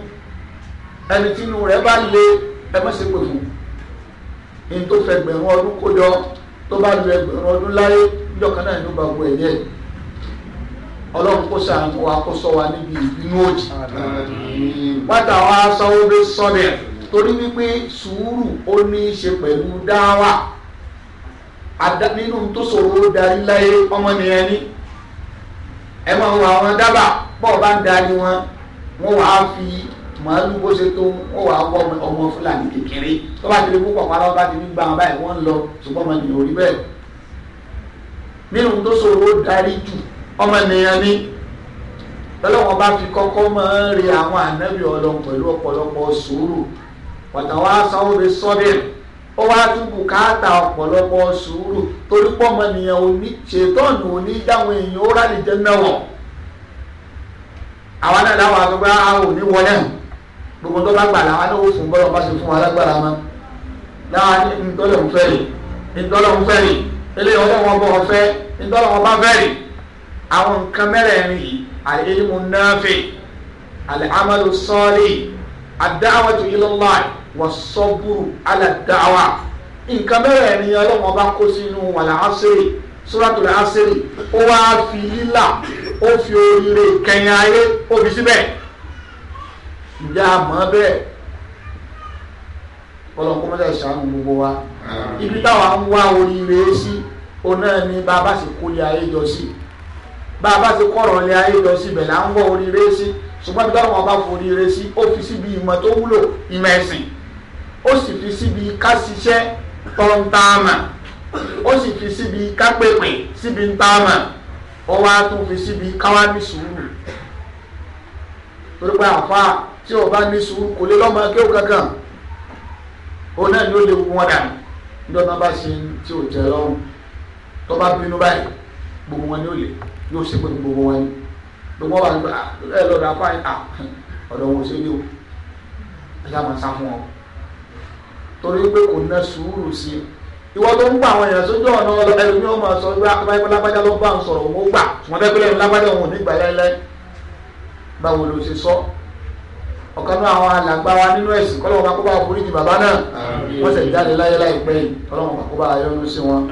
ẹni tí inú rẹ̀ bá le ẹ má ṣe pè fún ní tó fẹ́ gbẹ̀rún ọdún kó jọ tó bá lu ẹgbẹ̀rún ọdún láyé níjọ́ kan náà ló gba owó ẹ̀yẹ ọlọ́run kó ṣàánú wa kó sọ wa níbi ìbínú òjì wáta wa sanwó bí sọ́bẹ̀ torí wípé sùúrù ó ní í ṣe pẹ̀lú dáwà nínú tó ṣòro darí láyé ọmọ nìyẹn ní ẹ máa wọ àwọn dábàá bọ́ọ̀ bá ń darí wọn wọ́n wàá fi màálù bó ṣe tó ó wàá wọ ọmọ fúlàní kékeré tó bá ti lè púpọ̀ parọ́ bá ti ní gbà wọn báyìí wọ́n ń lọ ṣùgbọ́n ọmọ ènìyàn ò rí bẹ́ẹ̀ nínú tó ṣòro darí jù ọmọ ènìyàn ni lọ́lọ́wọ́n bá fi kọ́kọ́ máa ń re àwọn ànábì ọlọ́run pẹ̀lú ọ̀pọ̀lọpọ̀ sùúrù pàtàwọ́ asanwó lè sọ́bẹ̀ ó wá tún bùkátà ọ̀pọ̀lọpọ̀ sùúrù torí pọ̀ ọmọ ènìyàn òní ṣètọ́nù gbogbo tó bá gbà láwa ní owó sùn bọ́lọ̀ bá ṣe fún wa lágbára ma láwa ní ntọ́lọ̀ ń fẹ́ rè ntọ́lọ̀ ń fẹ́ rè eléyìí ọlọ́run wọn bọ̀ ọ̀fẹ́ ntọ́lọ̀ wọn bá fẹ́ rè àwọn nǹkan mẹ́rẹ̀ẹ̀rin yìí àlẹ́yìnmú náfì àlẹ́hámàlú sọ́ọ̀lì àdáwà tó yí lọ́lá wà sọ́bùrù àlàdáwà nǹkan mẹ́rẹ̀ẹ̀rin ọlọ́run ọba kó sínú wàlàásírì suratul àásírì ó wá fi lílà ó fi oríire kẹyìn ayé ó fi síbẹ̀ ǹjẹ́ a mọ̀ bẹ́ẹ̀ ọlọ́kọ́ mọ́tà ìṣàánú gbogbo wa ibi táwa ń wá oríire sí ọ̀nà ni bàbá sì kó lé ayé jọ sí bàbá sì kọ̀rọ̀ lé ayé jọ sí bẹ̀lẹ̀ à ń wọ oríire sí ṣùgbọ́n bí táwọn bá foríire sí ó fi síbi ìmọ̀ tó wúlò ìmọ̀ ẹ̀sìn ó sì fi síbi ká ṣiṣẹ́ tọ́ntàmà ó sì fi síbi ká pèpè síbi ntàmà ó wá tún fi síbi káwá ní sùúrù torí pé àfáà tí o bá ní sùúrù kò lè lọ́mọ akéwò kankan òun náà ni ó lè wú wọn dànù níjọ́ tí wọ́n bá ṣe tí ò jẹ́ lọ́rùn tó bá bínú báyìí gbogbo wọn ni ó lè yóò ṣe pé gbogbo wọn ni gbogbo wọn bá ń gbà ẹ lọ́dọ̀ afáyín ah, à ọ̀dọ̀ wọn ò ṣe ní o ẹ ṣáà máa sá fún ọ torí pé kò ná sùúrù sí i ìwọ tó ń gbà àwọn èèyàn sójú ọ̀nà ọlọ ẹlòmí ọmọ sọ pé akọ́báyé ah, lágbájá ló bá ń sọ̀rọ̀ òun ó gbà wọn bẹ́ẹ̀ pé lẹ́nu lágbájá òun ò ní gbà láéláé báwo ló ṣe sọ ọ̀kan náà àwọn alàgbà wa nínú ẹ̀sìn kọ́lọ́wọ́ bá kó bá forí jì bàbá náà wọ́n sì jáde láyé láìpẹ́ yìí kọ́lọ́wọ́ bá kó bá yọ́nú sí wọn.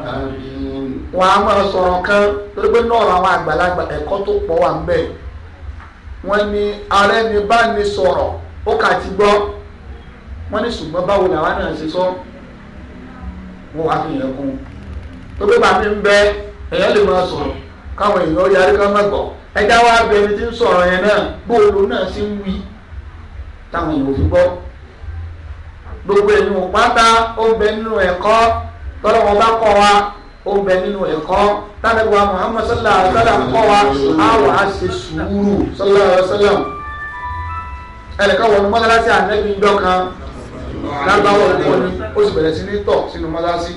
wọn a máa sọ̀rọ̀ kan lórí pé náà àwọn àgbàlagbà ẹ̀kọ́ tó pọ̀ wà ń bẹ̀. wọ́n ní ààrẹ ni bá ní sọ̀rọ̀ ó kà ti gbọ́ wọ́n ní ṣùgbọ́n báwo làwa náà ṣe sọ wọ́n wá fi yẹn kún. tó pé bàbí ń bẹ èèyàn táwọn èèyàn ò fi gbọ́ gbogbo ẹ̀yìn òpáta ó bẹ nínú ẹ̀kọ́ tọ́lọ́wọ́ bá kọ́ wa ó bẹ nínú ẹ̀kọ́ tálẹ́gbà Muhammad sallallahu alaihi wasallam kọ́ wa á wà á ṣe sùúrù sallallahu alaihi wasallam ẹnìkan wọ̀ ní mọ́sálásí ànẹ́bí ìjọ kan lágbàwọ̀ ní ó sì bẹ̀rẹ̀ sí ní tọ̀ sínú mọ́sálásí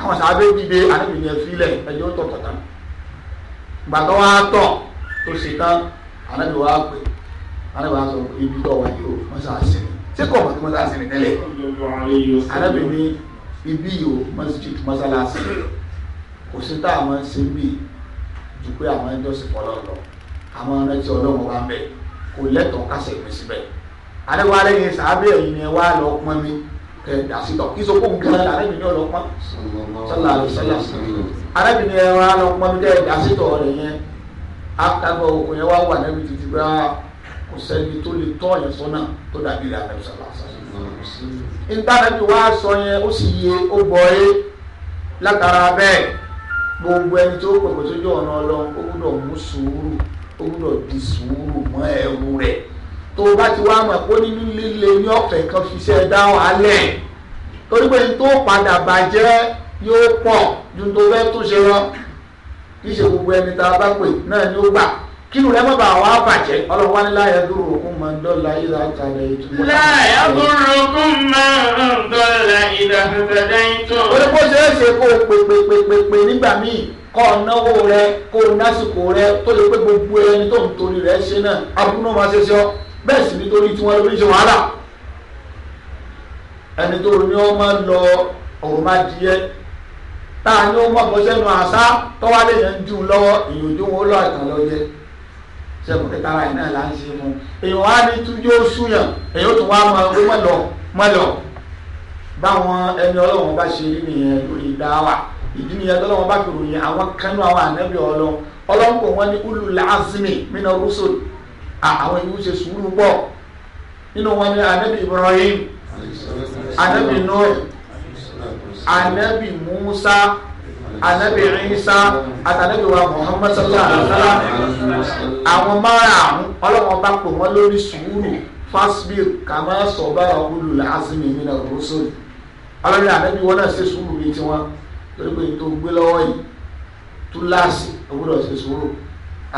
àwọn sábẹ́ dìde ànẹ́bí yẹn filẹ̀ ẹ̀yọ́ tọ̀ tọ̀tàn gbàtọ́ wa tọ̀ tó ṣe tán ànẹ́bí wa pè é alábà sọ ibi tó wà yìí o mọ́sáàsì ni ṣé kò wọ́n ti mọ́sáàsì ni tẹ́lẹ̀ arábìnrin ibi yìí o masjid mọ́sáàsì kò sí tá àwọn ṣe ń bì ju pé àwọn ẹjọ́ sì fọlọ́ lọ àwọn ẹrẹ́tì ọlọ́run wa ń bẹ̀ kò lẹ́tọ̀ọ́ kásẹ̀ mi síbẹ̀ alábà lẹ́yìn sàábẹ̀ ẹ̀yìn ni wàá lọ pọ́n mi kẹ dasitọ isoko nkẹlẹ arabinẹ ọlọpọ sọlọ sọlọ arabinẹ ọlọpọ mi kẹ dasitọ ọlọyẹ o okoyẹ wa wà n'ebi titi baa kò sẹ́ni tó lè tọ́ yẹn sọ́nà tó dàbí rẹ̀ àbẹ̀rẹ̀ sọ̀rọ̀ àṣàṣe. intanẹ́ẹ̀tì wa sọ yẹn ó sì yẹ ó bọ̀ ẹ́ látara bẹ́ẹ̀ gbogbo ẹni tó pèpè sójú ọ̀nà ọlọ́run ó gbúdọ̀ mú sùúrù ó gbúdọ̀ di sùúrù mọ́ ẹrù rẹ̀ tó bá ti wá mọ̀ pé nínú líle ní ọ̀fẹ́ kan fi iṣẹ́ dá wà lẹ̀ torí pé tó padà bàjẹ́ yóò pọ̀ ju tó fẹ́ tó ṣe lọ kí ṣe gbogbo ẹni tá a bá pè náà ni ó gbà kínú rẹ má bàa wá bàjẹ́. ọlọ́wọ́ ní láyé dúró kún máa ń dọ́là ìlà àtàlẹ̀ ìtumọ̀. láyé dúró kún máa ń dọ́là ìlà àtàlẹ̀ ìtumọ̀. ó ṣeé ṣe kó o pè pè pè pè pè nígbà míì kọ́ náwó rẹ kó o násìkò rẹ tó lè pé gbogbo ẹni tó ń torí rẹ ṣe náà abúlé máa ṣe ṣe bẹ́ẹ̀ sì nítorí tí wọ́n lórí ṣe wàhálà ẹni tó ní ọ máa lọ ọ̀rọ̀ máa di ẹ́ táà ní ó bọ́ sẹ́nu àṣà tọ́wálé yẹn ń dùn lọ́wọ́ ìyòjú wọn lọ àìsàn lọ jẹ́ sẹ́kùn pé kára iná là ń ṣe mu èèyàn wá ní tújú ó súyàn èèyàn ó tún wá mọ owó mọ́lọ̀ mọ́lọ̀ báwọn ẹni ọlọ́wọ́n bá ṣe rí nìyẹn lórí dáwà ìdí nìyẹn tọ́lọ́wọ́n bá kúrò yẹn àwọn kanú àwọn ànábì ọlọ́wọ́ ọlọ́wọ́n kò wọ́n ní ulul azmi mina rusul àwọn ìlú ṣe sùúrù pọ̀ nínú wọn ní ànábì Ibrahim ànábì Nuh ànábì Musa. anabi isa àtànàbí wa muhammad sallallahu alaihi wa àwọn márààrún ọlọ́wọ́n bá pè wọ́n lórí sùúrù fasbir kàmá sọ̀bára olùl azmi minar rusul ọlọ́ni anabi wọn náà ṣe sùúrù bíi tiwọn torí pé tó gbé lọ́wọ́ yìí túláàsì òwúrọ̀ ṣe sùúrù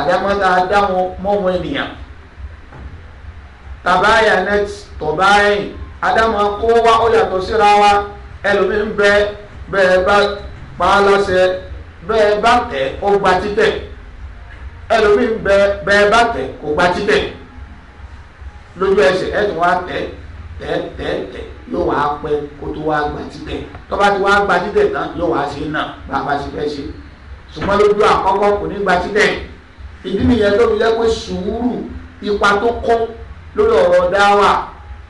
àdámọ́ta dáwọn mọ́wọn ènìyàn tàbáyà net tọ̀báyìn adamu kó wá ó yàtọ̀ síra wa pa á láṣẹ bẹ́ẹ̀ bá tẹ̀ ó gba títẹ̀ ẹlòmíì bẹ́ẹ̀ bá tẹ̀ kò gba títẹ̀ lójú ẹsẹ̀ ẹ̀ tún wá tẹ̀ tẹ̀ tẹ̀ tẹ̀ yóò wá pẹ́ kó tó wá gba títẹ̀ tó bá ti wá gba títẹ̀ tán yóò wá ṣe náà bá a bá ṣe fẹ́ ṣe ṣùgbọ́n lójú àkọ́kọ́ kò ní gba títẹ̀ ìdí nìyẹn tó fi jẹ́ pé sùúrù ipa tó kó lórí ọ̀rọ̀ dáwà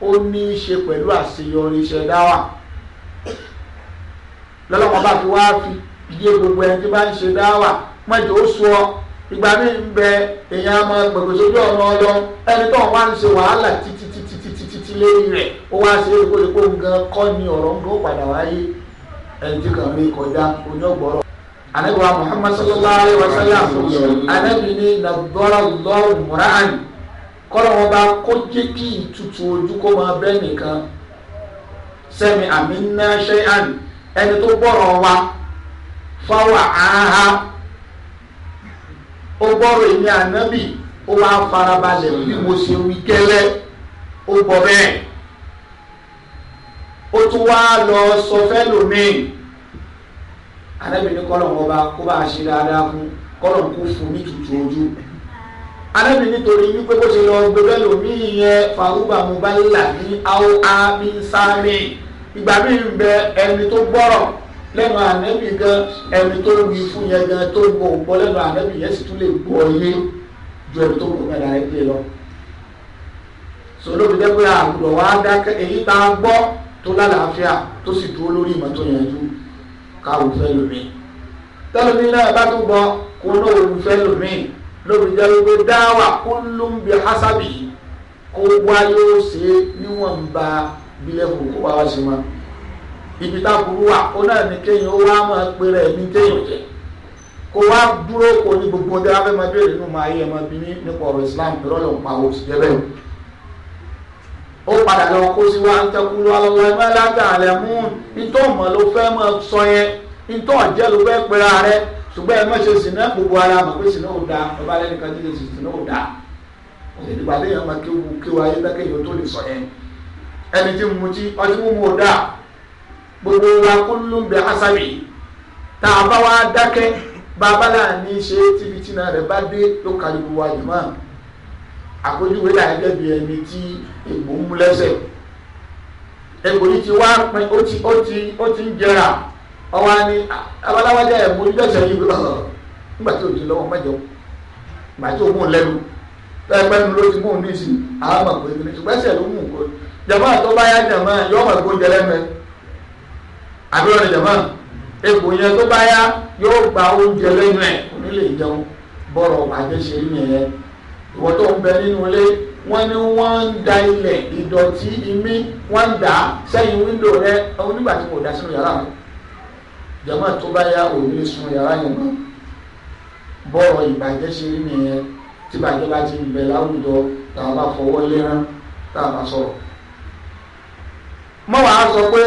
ó ní í ṣe pẹ̀lú àṣeyọrí iṣẹ́ dáwà lọ́lọ́wọ́n bá fi wá fi yé gbogbo ẹni tí bá ń ṣe dáwà mọ́jọ ó sọ ìgbà mi ń bẹ èèyàn ọmọ gbẹ̀gbẹ̀ sójú ọ̀nà ẹni tó wá ń ṣe wàhálà títí títí títí títí lẹ́yìn rẹ̀ ó wá ṣe é kólékó gan kọ ni ọrọ. ń padà wáyé ẹni tí kàn mí kọjá wa muhammad sallallahu alayhi wa sallam anabi ni nàbọ́rọ̀ lọ́wọ́ ẹni tó gbọ́rọ̀ wa fáwọn àhá ó gbọ́rọ̀ èmi ànábì ó wá farabalẹ̀ bí mo ṣe wí gẹ́lẹ́ ó gbọ́ bẹ́ẹ̀ ó tún wá lọ sọ fẹ́lòmíì ànábì ní kọ́lọ̀ wọn bá kó bá ṣe dáadáa fún kọ́lọ̀ kó fún ní tutù ojú ànábì nítorí wípé bó ṣe lọ gbé fẹ́lòmíì yẹn fàrúbà mo là ní àwọn àmì sáré ìgbà míì ń bẹ ẹni tó gbọ́rọ̀ lẹ́nu ànẹ́bì gan ẹni tó wí fún yẹn gan tó gbọ́ gbọ́ lẹ́nu ànẹ́bì yẹn sì tún lè gbọ́ yé ju ẹni tó gbọ́ mẹ́ta rẹ̀ lọ. sọlọ́bi jẹ́ àgùdọ̀ wa dákẹ́ èyí tá a gbọ́ tó lálàáfíà tó sì dúró lórí ìmọ̀ tó yanjú káwọ́ fẹ́ lómi. tẹ́lẹ̀mí náà bá tún gbọ́ kó lóòrùn fẹ́ lómi lóbi jẹ́ pé dáwà kó ló ń bi hásábì kó wáyé ó ṣe níwọ̀nba bílẹ̀kù kó wá wá sí ma ibi tá a burú wa ó náà ní kéèyàn ó wá máa pe rẹ̀ ní kéèyàn jẹ́ kó wá dúró kó ní gbogbo ọdẹ abẹ́ máa béèrè nínú máa yẹ máa bí ní nípa ọ̀rọ̀ Islam ìrọ̀lẹ́ òun pa owó sí jẹ́ ó padà lọ kó sí wa ń tẹ́kú lọ lọ́wọ́ ẹ máa lágbà rẹ̀ mú ìtọ́ mọ̀ ló fẹ́ máa sọ yẹn ìtọ́ jẹ́ ló fẹ́ pera rẹ̀ ṣùgbọ́n ẹ má ṣe sìn náà gbogbo ara mọ̀ pé sìn náà ò dáa ọba lẹ́nu kan jíjẹ sìn náà ò dáa ìgbà lẹ́yìn ọmọ kéwu kéwu ayé bẹ́ẹ̀ kéèyàn tó lè sọ yẹn ẹni tí mo ti ọtí mímu ò dáa gbogbo wa kúlù ń bẹ asabi tá a bá wa dákẹ́ bàbá náà ní í ṣe tìbìtìnà rẹ̀ bá dé ló kàlùkù wa jù mọ́ àpèjúwe náà gẹ́gẹ́ bí ẹni tí ègbò ń mú lẹ́sẹ̀ ègbò yìí ti wá pin ó ti ó ti ó ti ń jẹrà ọwọ́ ni abaláwájà ẹ̀ mú lẹ́sẹ̀ yìí nígbà tí òjò lọ́wọ́ mẹ́jọ gbà tí òun lẹ́nu ẹgbẹ́ mi ló ti mú un ní ìsìn àwọn àmọ̀ pé ìgbésẹ̀ ló mú un kọ́ jama tó bá yá jama yọ ọmọ ẹ̀kọ́ jẹlẹ́mẹ àbúrò ni jama egbò yẹn tó bá yá yóò gba oúnjẹ lẹ́nu ẹ̀ onílé ìjẹun bọ́rọ̀ wàjẹ́ ṣe yẹn ìwọ tó ń bẹ nínú ilé wọ́n ní wọ́n ń da ilẹ̀ ìdọ̀tí imí wọ́n ń dà á sẹ́yìn wíńdò rẹ onígbà tí kò dá sínú yàrá rẹ jama tó bá yá òní sun yàrá yẹn mọ́ bọ́rọ̀ ìbàjẹ́ ṣe yẹn tí ìbàjẹ́ bá ti bẹ láwùjọ tá a bá fọwọ́ lé rán tá a bá sọ̀rọ̀ mọ́ wàá sọ pé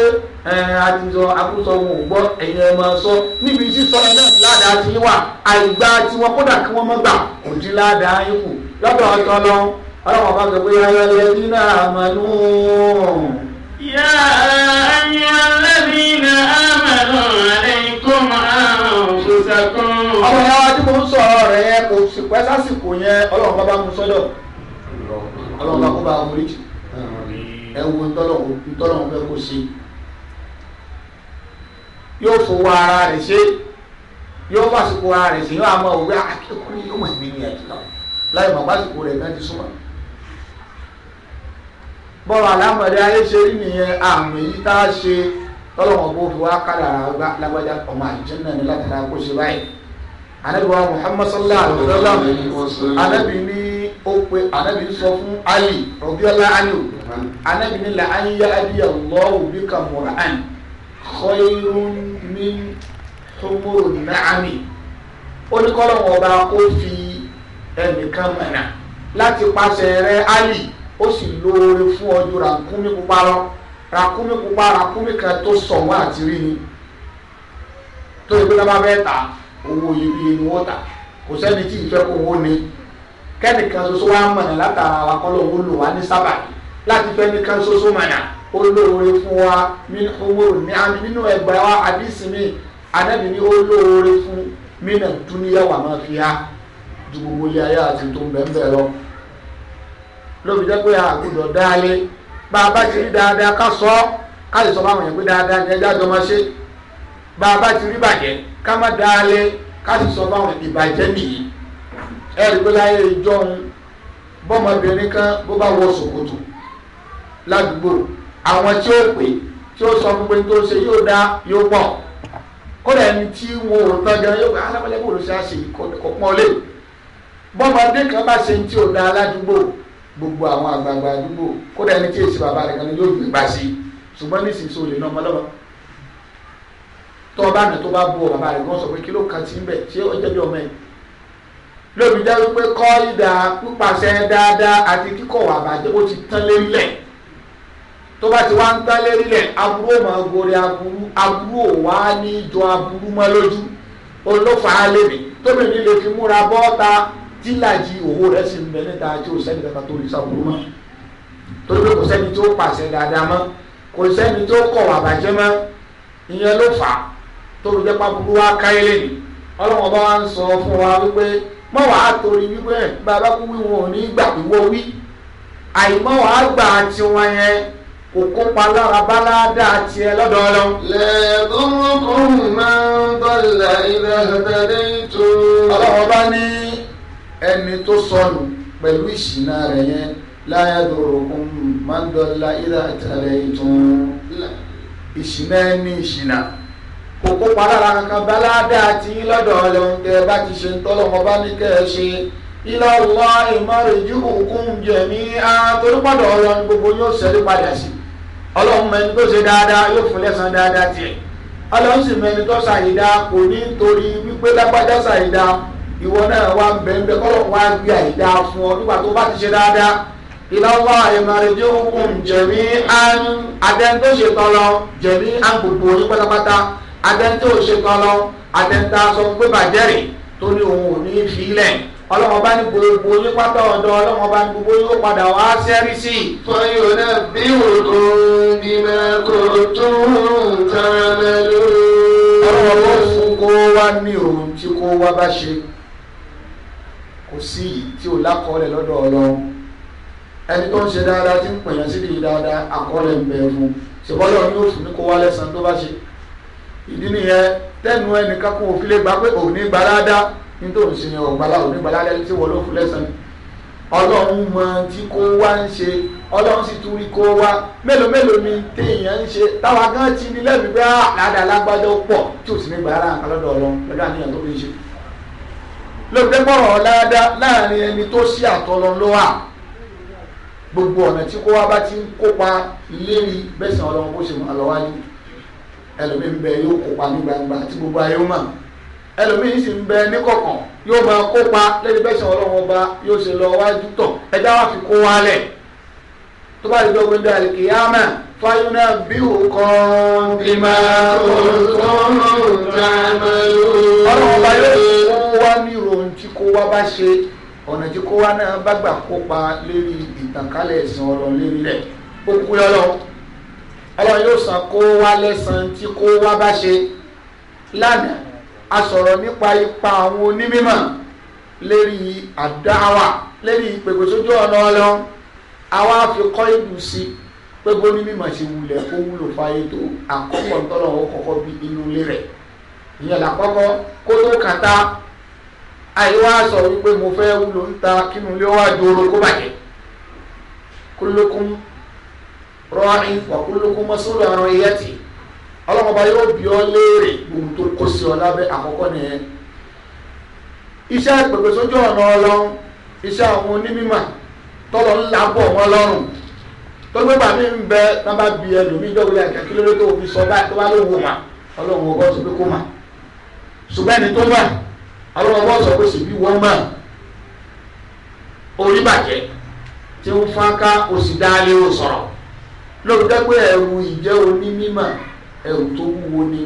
àtijọ́ àkóso wọn ò gbọ́ ẹ̀yin ẹ̀ máa sọ níbi sísọ ẹ̀ náà ládàá ti wà àìgbà tiwọn kódà kí wọ́n mọ́ gbà kò dín ládàá yín kù lọ́dọ̀ ọ̀tọ̀ lọ ọlọ́wọ́n bá sọ pé ayọ̀ lẹ́bí náà mọ̀nú. yá ayọ̀ lẹ́bí náà mọ̀nú alaykum anfusakum. ọmọ yàrá tí mo ń sọ̀rọ̀ rẹ̀ yẹn kò sì pẹ́ sásìkò yẹn ọlọ́wọ́n bá bá mu sọ́dọ̀ ọlọ́wọ́n bá kó bá wọn ẹ wo ntọ́lọ́hún ntọ́lọ́hún fẹ́ kó ṣe yóò fowó ara rẹ̀ ṣe yóò fàṣìkò ara rẹ̀ ṣe yóò àmọ́ òwe ah, akẹ́kọ̀ọ́ ni yóò mọ̀ ní ní àjùlọ láì mọ̀ fàṣìkò rẹ̀ náà ti súnmọ́ bọ́ọ̀lù alámọ̀dé ayé ṣe rí nìyẹn àmì yìí tá a ṣe tọ́lọ́wọ́n bó fi wá kádàrá lágbájá ọmọ àjẹ́nà ní látara kó ṣe báyìí anabi wa muhammad sallallahu alaihi wa sallam anabi ní ó pe anabi sọ fún ali rọbíọlá ali alábìnrin la an yá adìyẹ lọ́wọ́ bí ka mùràn khayrun min humuru na'ami oníkọ́lọ́ wọn bá kó fi ẹnìkan mọ̀nà láti pàṣẹ rẹ ali ó sì lóore fún ọjọ́ ràkúnmí pupa lọ ràkúnmí pupa ràkúnmí kan tó sọ̀wọ́n àti rí ni tó ìpínlẹ̀ bá fẹ́ ta owó iyebíye ni wọ́n ta kò sẹ́ni tí ìfẹ́ kó wọ́n ní kẹ́nìkan ṣoṣo wá mọ̀nà látara wa kọ́ lọ́wọ́ lò wá ní sábàbí láti fẹ́ nìkan ṣoṣo mọ̀nà olóore fún wa min umur ní àmì nínú ẹgbẹ́ wa àdìsí mi ànábì ní olóore fún mi nà dúníyà wà máa fi há ju gbogbo ilé ayé àti tó ń bẹ́ẹ̀ bẹ́ẹ̀ lọ. lóbi jẹ́ pé àgùdọ̀ dáálé bá a bá ti rí dáadáa ká sọ ọ́ ká lè sọ fáwọn èèyàn pé dáadáa ni ẹjá jọ máa ṣe bá a bá ti rí bàjẹ́ ká má dáálé ká sì sọ fáwọn ìbàjẹ́ nìyí ẹ̀rí pé láyé bọ́mọbìnrin kan bó bá wọ ṣòkòtò ládùúgbò àwọn tí ó pè tí ó sọ pé tó ṣe yóò dá yóò pọ̀ kódà ẹni tí wọn ò tán gan yóò gbé alábọ́lẹ́ kò ló ṣe àṣe kò pọ́n lé bọ́mọdé kan bá ṣe tí ò dá aládùúgbò gbogbo àwọn àgbààgbà àdúgbò kódà ẹni tí èsì bàbá rẹ̀ kan ni yóò gbégbá sí ṣùgbọ́n nísìnyí sọ lè ná ọmọ lọ́wọ́ tó ọba àná tó bá bu bàbá rẹ̀ gan sọ pé kí ló kàn sí ń bẹ̀ ṣé ó jẹ́bi ọmọ ẹ̀ lóbi jẹ́ wípé kọ́ ìdá pípasẹ̀ dáadáa àti kíkọ̀ wà bàjẹ́ ó ti tán lé lẹ̀ tó bá ti wá ń gbálẹ̀ rílẹ̀ aburú ò máa gorí aburú aburú ò wá ní jọ aburú mọ́ lójú olófà á lè mí tóbi mi lè fi múra bọ́ta tílàjì òwò rẹ̀ sì ń bẹ níta tí ò sẹ́ni kankan tó lè sàbúrú mọ́ torí pé kò sẹ́ni tó pàṣẹ dáadáa mọ́ kò sẹ́ni tó kọ̀ wà bàjẹ́ mọ́ ìyẹn ló fà tó lè jẹ́ pàbùrú wa káyé lè ọlọ́wọ́n bá wa ń sọ fún wa wípé mọ́ wàá torí wípé bàbá kú wíwọ̀n ò ní gbà wíwọ́ wí àìmọ́ wàá gbà tiwọn yẹn kò kópa lára báládà tiẹ̀ lọ́dọ̀ ọlọ. lẹ́ẹ̀dúnkún máa ń bọ̀lá ilẹ̀ ẹ̀dẹ̀dẹ̀ ètò. ọlọ́wọ́ bá ní ẹni tó sọnù pẹ̀lú ìṣìnà rẹ̀ yẹn láyàdúrókún máa ń dọ̀lá ilẹ̀ ẹ̀dẹ̀dẹ̀ ètò. ìṣìnà ẹni ìṣìnà kò kópa lára kankan báládà tí lọ́dọ̀ ọlọ kẹ bá ti ṣe ń tọ́lọ́mọ bá ní kẹ́ ẹ ṣe ilé ọlọ́ ìmọ̀ràn ọlọ́run mẹni tó ṣe dáadáa yóò fún lẹ́san dáadáa tiẹ̀ ọlọ́run sì mẹni tó ṣàyídá kò ní torí wípé lágbájá ṣàyídá ìwọ náà wà bẹ́ẹ̀bẹ́ kọ́lọ̀ wá gbé àyídá fún ọ nígbà tó bá ti ṣe dáadáa ìlọ́wọ́ ìmọ̀lẹ́dí òkun jẹ̀mí án adẹ́ntó ṣe tọ́lọ jẹ̀mí án gbogbo yín pátápátá adẹ́ntó ṣe tọ́lọ adẹ́ntá sọ pé bàjẹ́rì torí òun ò ní fi ọlọ́wọ́n bá ní gbogbo yín pátá ọ̀dọ́ ọlọ́wọ́n bá ní gbogbo yín padà wá sẹ́rí sí i. fọyọ̀ náà bí òkun bí máa kò tó nǹkan lọ. ọlọ́wọ́n bó fún kó wá ní òun tí kó wá bá ṣe kò sí yìí tí ò lákọọ́lẹ̀ lọ́dọ̀ ọlọ́run ẹni tó ń ṣe dáadáa tí ń pèyàn sí dáadáa àkọọ́lẹ̀ ń bẹ fún ṣùgbọ́n lọ́run yóò fún kó wá lẹ́sàn-án tó bá ṣe ìdí nìyẹn tẹ́nu ẹnìkan kún òfin lè gbà pé òun ní gbà dáadáa nítorí òsì ni ọ̀gbálá onígbàlá lẹ́yìn tí wọ́n ló fún lẹ́sàn-án ọlọ́run mọ tí kò wá ń ṣe ọlọ́run sì tún rí kó wá mélòó mélòó ni téèyàn ń ṣe táwa gan ti ní lẹ́bi pé ah, àdáadáa lágbájọ pọ̀ tí òsì nígbà rárá nǹkan lọ́dọ̀ ọlọ́run pẹ̀lú àníyàn tó fi ṣe lóòótọ́ gbọ́rọ̀ ọ̀làdá láàrin ẹni tó ṣí àtọ́lọ́ ló wà gbogbo ọ̀nà tí kó wá bá ti ń kópa lérí bẹ́sàn ọlọ́run kó ṣe mọ́ àlọ́wájú ẹlòmíín bẹ yóò kópa ní àti gbogbo ayé ó mọ̀ ẹlòmíín sì ń bẹ níkọ̀kàn yóò máa kópa lẹ́ni bẹ́sẹ̀ ọlọ́wọ́n ọba yóò ṣe lọ wájú tọ̀ ẹ̀dá wa fi kó wa lẹ̀ tó bá lè dọ́gbọ́n dá àlè kìyàmà fáyọ́nà bí òkan bímá ọlọ́wọ́n ọba yóò kó wa ní ìròyìn tí kó wa bá ṣe ọ̀nà tí kó wa náà bá gbà kópa lérí ìtànkálẹ̀ ẹ̀sìn ọ̀rọ̀ lérí rẹ̀ ó kú yọ́lọ́ ọlọ́wọ́n yóò san kó wa lẹ́san tí kó wa bá ṣe lánàá a sọ̀rọ̀ nípa ipa àwọn onímọ̀ lérí àdáwà lérí ìpèpè sójú ọ̀nà ọlọ́run àwa fi kọ́ ìlú sí pé bóní mímọ̀ ṣe wulẹ̀ kó wúlò fáyé tó àkọ́kọ́ tọ́lọ̀ ó kọ́kọ́ bí inú ilé rẹ̀ ìyẹn làkọ́kọ́ kó tó kàtá àìwá sọ wípé mo fẹ́ wúlò ń ta kínú ilé wá dòrò kó bàjẹ́ kullukum ra'in wa kullukum mas'ulun 'an ra'iyyatihi ọlọ́run ọba yóò bí ọ léèrè ohun tó kó sí ọ lábẹ́ àkọ́kọ́ nìyẹn iṣẹ́ pèpè sójú ọ̀nà ọlọ́run iṣẹ́ àwọn onímọ̀ tọ́lọ̀ ńlá bọ̀ wọn lọ́rùn tó gbé bàmí ń bẹ tá bá bi ẹlòmíì dọ́wọ́ yà kí lóore tó fi sọ báyìí tó bá ló wò mà ọlọ́run ọba sọ pé kó mà ṣùgbọ́n ẹni tó mà ọlọ́run ọba sọ pé sì bí wọ́n mà orí bàjẹ́ tí ń fọ́nká òsì dáálé ò sọ̀rọ̀ lóòótọ́ pé ẹ̀rù ìjẹ́ onímọ̀ ẹrù tó wúwo ni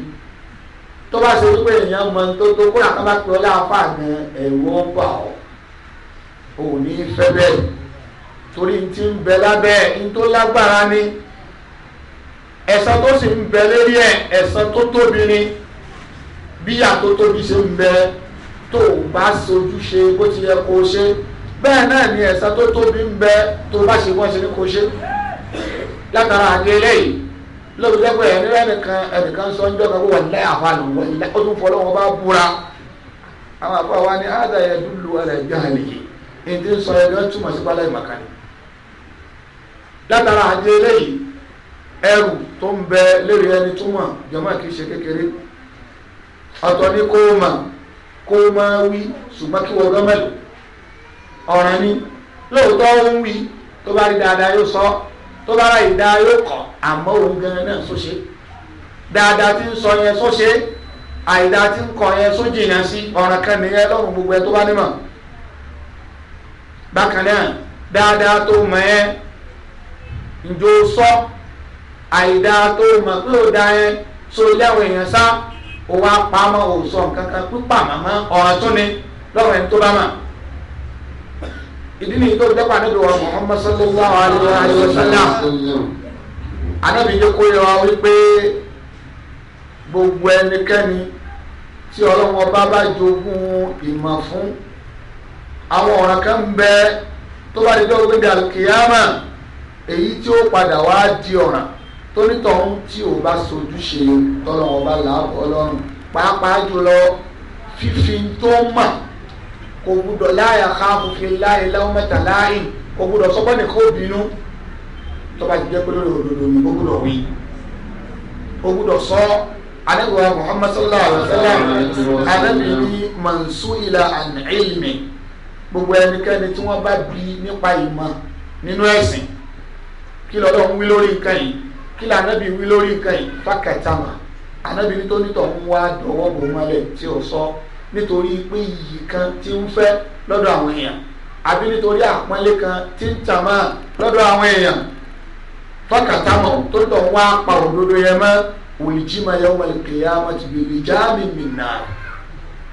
tó bá ṣe wípé èèyàn mọ tó tó kó làkàn bá pè ọ́ láàfà ní ẹ̀rù ọ̀bà ọ̀ ò ní fẹ́ bẹ́ẹ̀ torí ti ń bẹ lábẹ́ ń tó lágbára ni ẹ̀san tó sì ń bẹ lérí ẹ̀ ẹ̀san tó tóbi ni bíyà tó tóbi ṣe ń bẹ tó bá ṣojúṣe bó ti yẹ kó ṣe bẹ́ẹ̀ náà ni ẹ̀san tó tóbi ń bẹ tó bá ṣe wọ́n ṣe ní kó ṣe látara àgé lórí lẹ́gbẹ̀ẹ́ yẹn nílẹ̀ nìkan ẹnìkan sọ ń jọ́ka wọ́n lẹ́ àfa lọ́wọ́ ilẹ̀ ó tún fọlọ́ wọn bá búra àwọn àfa wa ni áàdà yẹn dúdú alẹ́ jọ àlejò èyí tí ń sọ yẹn lọ́ọ́ túmọ̀ sí pálẹ̀ ìmọ̀kànnì látara àjẹ eléyìí ẹrù tó ń bẹ lérí ẹni túmọ̀ jọmọ́ kì í ṣe kékeré ọ̀tọ̀ ni kó o mà kó o máa wí ṣùgbọ́n kí wọ́n gọ́mẹ̀lú ọ̀ràn ni lóòótọ́ ó ń wí tó bá rí dáadáa yóò sọ ọ́ tó bá ra ìdá yóò kọ̀ àmọ́ òun gan náà só ṣe dáadáa tí ń sọ yẹn só ṣe àìdá tí ń kọ yẹn só jìnnà sí ọ̀ràn kan nìyẹn lọ́rùn gbogbo ẹ tó bá nímọ̀ bákan náà dáadáa tó mọ̀ yẹn njó sọ àìdá tó mọ̀ pé ó da yẹn so ilé àwọn èèyàn sá òun apamọ́ òun sọ nǹkan kan pípa màmá ọ̀ràn tó ni lọ́rùn ẹni tó bá mọ̀ ìdí nìyí tó dẹ́pọ̀ anábì wa Muhammad sallallahu alayhi wa sallam anábì yẹ kó yẹ wa wípé gbogbo ẹnikẹ́ni tí ọlọ́wọ́n bá bá jogún ìmọ̀ fún àwọn ọ̀ràn kan ń bẹ tó bá di dọ́gbé bí alkiyama èyí tí ó padà wá di ọ̀ràn tónítọ̀hún tí ò bá sojúṣe tọ́lọ́wọ́n bá làbọ̀ ọlọ́run pàápàá jùlọ fífi tó mọ̀ kò gbúdọ̀ láyà káàbù fi láyè láwọn mẹ́ta láàyè kò gbúdọ̀ sọ́kọ́ nìkan ó bínú tọ́ba ti jẹ́ pé lórí òdodo ni kò gbúdọ̀ wí kò gbúdọ̀ sọ anabiwa muhammad sallallahu alaihi wa sallam anabi ni mansu ila an ilmi gbogbo ẹnikẹ́ni tí wọ́n bá bi nípa ìmọ̀ nínú ẹ̀sìn kí lọ́dọ̀ ń wí lórí nǹkan yìí kí lọ́ anábì wí lórí nǹkan yìí fákàtàmà anábì ní tónítọ̀ ń wá dọ̀wọ́ nítorí pé iyì kan tí ń fẹ́ lọ́dọ̀ àwọn èèyàn àbí nítorí àpọ́nlé kan tí ń tà máa lọ́dọ̀ àwọn èèyàn fákàtàmọ̀ tó tọ̀ ń wá pa òdodo yẹn mọ́ olùjímọ̀ yẹn wọlé kìlẹ̀ àwọn ti bèrè jáàmì mìíràn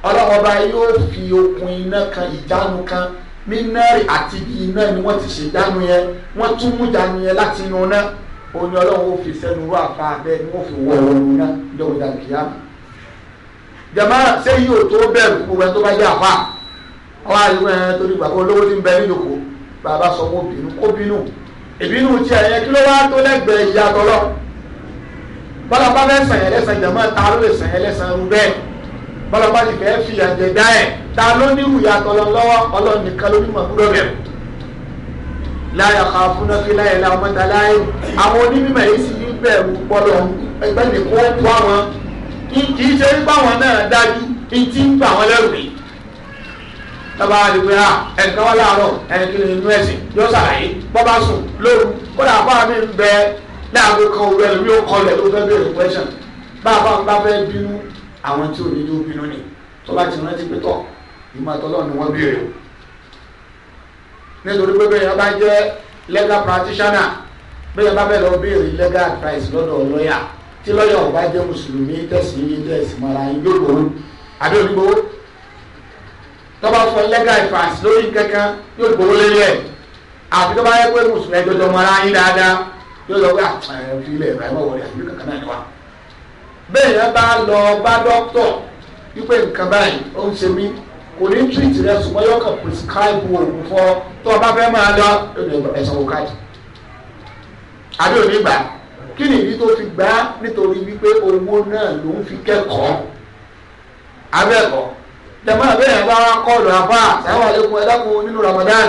ọlọ́wọ́ bá yóò fi okùn iná kan ìjánu kan mínárì àti ibi iná ni wọ́n ti ṣèjánu yẹn wọ́n tún mú jánu yẹn láti inú náà òní ọlọ́wọ́ fi sẹ́nu rú àfa abẹ́ ni wọ́n fi wọ ọ̀run náà lọ́wọ́ ìdàgbìyàmù jama sẹ́yìn ò tó bẹ̀rù gbogbo ẹni tó bá yé àfa àwọn àyùn ẹ̀ torí bàbá olówó ti ń bẹ nínú kò bàbá sọ kó bínú kó bínú ìbínú tí ẹ̀yẹ kí ló wá tó lẹ́gbẹ̀ẹ́ ìyàtọ̀ lọ bọ́lọ́pàá fẹ́ sàn yẹn lẹ́sàn jama ta ló lè sàn yẹn lẹ́sàn rú bẹ́ẹ̀ bọ́lọ́pàá ti fẹ́ fi àjẹ dá ẹ̀ ta ló nírú ìyàtọ̀ lọ lọ́wọ́ ọlọ́run nìkan ló ní màmúrò bẹ̀rù láyà kan fúnná fi láyà bẹ̀rù kì í ṣe wípé àwọn náà dájú ti ń gbà wọn lẹ́rù mi tọ́ba ah, àdìgbò yà ẹnìkan wà láàárọ̀ ẹnìkan nínú ẹ̀sìn yóò ṣàlàyé bọ́bá sùn lóru kódà bá mi ń bẹ láàgó kan òru ẹ̀rù yóò kọlẹ̀ ló fẹ́ bẹ̀rẹ̀ pẹ́sàn bá a bá ń bá fẹ́ bínú àwọn tí ò ní ní ó bínú ni tọ́ba ti rántí pé tọ̀ ìmọ̀ àtọ́lọ́ ni wọ́n béèrè nítorí pé bẹ́ẹ̀ bá jẹ́ legal practitioner bẹ́ẹ̀ bá fẹ́ lọ béèrè tí lọ́yà ọba jẹ́ mùsùlùmí tẹ̀sí yín tẹ̀sí mọ́ra yín yóò gbowó àbí olùgbowó tọ́ba sọ lẹ́gà ìfàsí lórí kankan yóò gbowó lélẹ̀ àti tọ́ba yẹ pé mùsùlùmí ẹjọ́ jọ mọ́ra yín dáadáa yóò lọ pé àti ah, ilẹ̀ ìbáyìí wọ̀ wọlé àti kankan náà ni wa. bẹ́ẹ̀ yẹn bá lọ bá dókítọ̀ wípé nǹkan báyìí ó ń ṣe mí kò ní tírìtì rẹ ṣùgbọ́n yóò kàn prescribe oògùn fún ọ tọ́ba fẹ́ máa lọ ẹ̀sán wò káàdì àbí òní gbà kí nìdí tó fi gbà á nítorí wípé owó náà ló ń fi kẹ́kọ̀ọ́ abẹ́kọ̀ọ́ dàmọ́ àbẹ́yẹn bá wá kọ́ọ̀lù àbá sàwọn àlékún ẹ̀dákun nínú Ramadan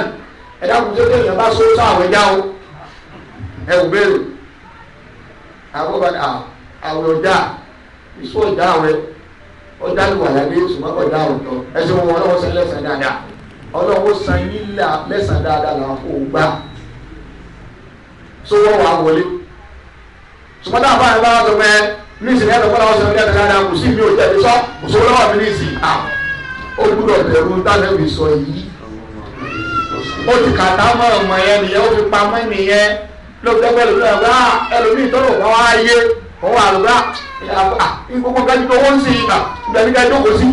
ẹ̀dákun tó kéèyàn bá sọ sáwọn ẹ̀dá o ẹ̀ ò béèrè àbúrò àwẹ̀ ọ̀dà ìṣó ìdá àwẹ̀ ọ̀dà ìwà lábẹ́ ṣùgbọ́n ọ̀dà àwùjọ ẹ̀sìn wọn ọlọ́wọ́ sàn lẹ́sàn dáadáa ọlọ́wọ́ sàn yín lẹ́sàn dáadáa làwọn kò gbà sọ wọ́n wà wọlé ṣùgbọ́n táwọn báyìí bá wà sọ pé ní ìsìn ẹ̀dọ̀ kọ́lá ọ̀sẹ̀ ní ẹ̀dọ̀ dáadáa kò sí mi ò tẹ̀lé sọ kò sówó lọ́wọ́ mi ní ìsìn à ó gbúdọ̀ bẹ̀rù tánẹ́bì sọ yìí ó ti kàtá mọ́ ọmọ yẹn nìyẹn ó fi pamọ́ nìyẹn ló fi dẹ́gbẹ́ lòdì ọ̀gá ẹlòmíì tó lò wá yé òun àlùbá gbogbo kájú tó wọ́n sì ìgbà ìgbàlí kájú kò sí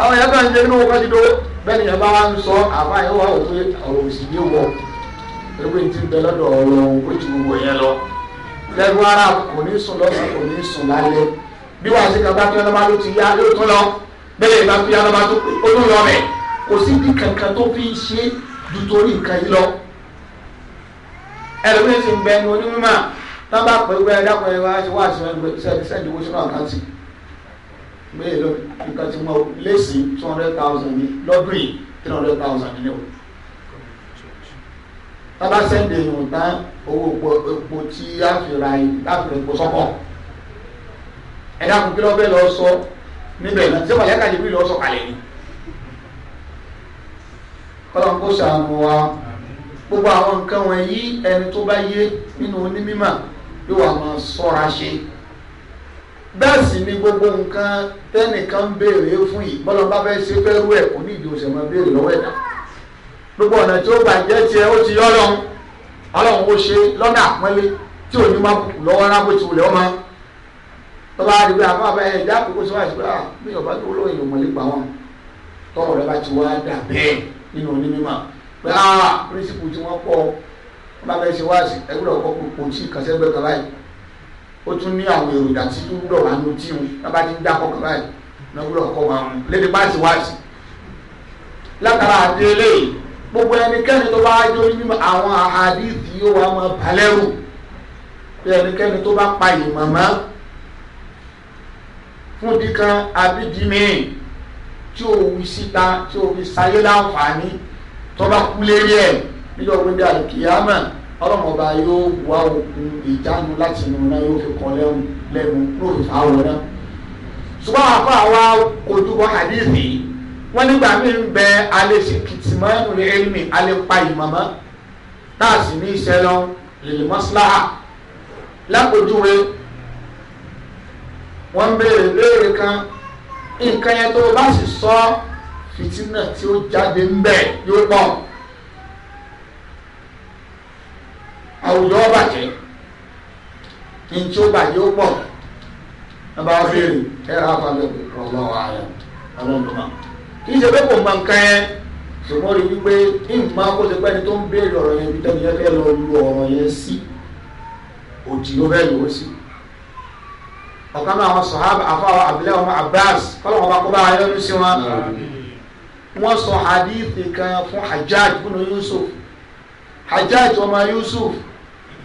àwọn yàtọ̀ ń jẹ́ nínú owó kájú tó bẹ́ẹ̀ ni yàtọ̀ wá ń sọ àbá yẹn wà ó pé ọ̀rọ̀ lẹ́gbọ́n ara kò ní sùn lọ́sàn kò ní sùn lálẹ́ bí wàá sí kan bá fi ọlọ́ba ló ti yá ló tún lọ bẹ́ẹ̀ bá fi ọlọ́ba tó pé ó tún lọ mẹ́ kò sí bí kankan tó fi ń ṣe ju torí nǹkan yìí lọ. ẹlòmíràn sì ń bẹ ní onímọ̀ tá bá pè é dákun ẹ wá ṣe wá sẹ́ẹ̀dì owó sínú àkáǹtì bẹ́ẹ̀ lọ nǹkan ti mọ lẹ́sìn two hundred thousand ní lọ́dún yìí three hundred thousand ní o tábà sẹ́ndì èèyàn tán owó epo tí a fi ra láàfin epo sọ́kọ̀ ẹ̀dá kò kí lọ́ bẹ́ẹ̀ lọ sọ níbẹ̀ náà sẹ́wọ̀n yàtọ̀ àjẹbí lọ sọ kalẹ̀ ni kọ́lọ́n kó sàánú wa gbogbo àwọn nǹkan wọ̀nyí ẹni tó bá yé nínú onímọ̀ yóò wà máa sọ́ra ṣe bẹ́ẹ̀ sì ni gbogbo nǹkan tẹ́nìkan béèrè fún yìí bọ́lá bá fẹ́ ṣe fẹ́ rú ẹ̀ kò ní ìdí òṣèlú béèrè lọ́wọ́ ẹ̀dá gbogbo ọ̀nà tí ó gbà jẹ́ tiẹ̀ ó ti yọ́ lọ́hùn ọlọ́run ó ṣe lọ́nà àpọ́nlé tí ò ní má kù lọ́wọ́ rárá bó ti wù lẹ́ ọmọ tọ́ba àdìgbò àbá bá ẹ̀ dá àkókò síwájú pé à ah, mí ò bá tó lóyìn òmòlé pa wọn tọ́rọ̀ rẹ bá ti wá dà bẹ́ẹ̀ nínú onímọ̀ pé à ah, pírísìpù tí wọ́n pọ̀ wọ́n bá fẹ́ ṣe wá sí ẹgbẹ́ ọkọ̀ kò tí kàn sẹ́gbẹ́ kan báyìí ó tún gbogbo ẹnikẹ́ni tó bá jórí mímọ́ àwọn àhàdíìsì yóò wá máa balẹ̀rù bí ẹnikẹ́ni tó bá pa ìmọ̀mọ́ fún díkan abídímìn tí ò wí síta tí ò fi sáyé láǹfààní tó bá kú lérí ẹ̀ níjọ́ gbé dé àlùkìyámà ọlọ́mọba yóò wá òkun ìjánu láti inú náà yóò fi kọ́ lẹ́nu lẹ́nu lóòfà wọ̀ náà ṣùgbọ́n àpá àwa kò dúbọ̀ àdéhìí wọ́n nígbà mí ń bẹ alẹ́ ṣe kìtìmọ́nù ẹ̀mí alẹ́ pa ìmọ̀mọ́ náà sì ní iṣẹ́ lọ lèlè mọ́síláhà lápòjúwe wọ́n ń béèrè léèrè kan nǹkan yẹn tó o bá sì sọ fìtínà tí ó jáde ń bẹ yóò pọ̀ àwùjọ bàjẹ́ kí n tí ó bàjẹ́ ó pọ̀ ẹ bá wá béèrè ẹ rà á fa lọ́wọ́ ààrẹ ọlọ́run náà kì í ṣe pé kò máa ń kan ẹ́ ṣùgbọ́n rí wípé ìmọ̀ kó ṣe pẹ́ni tó ń béèrè ọ̀rọ̀ yẹn bíi tẹ́lẹ̀ fẹ́ lọ lu ọ̀rọ̀ yẹn sí òjì ló fẹ́ lò sí. ọ̀kan náà àwọn sọ̀hábà àfọwọ́ àbílẹ̀ ọmọ Abbas kọ́lọ̀ wọn bá kó bá ayọ́nu sí wọn. wọ́n sọ hadith kan fún Hajjaj bùnú Yusuf Hajjaj ọmọ Yusuf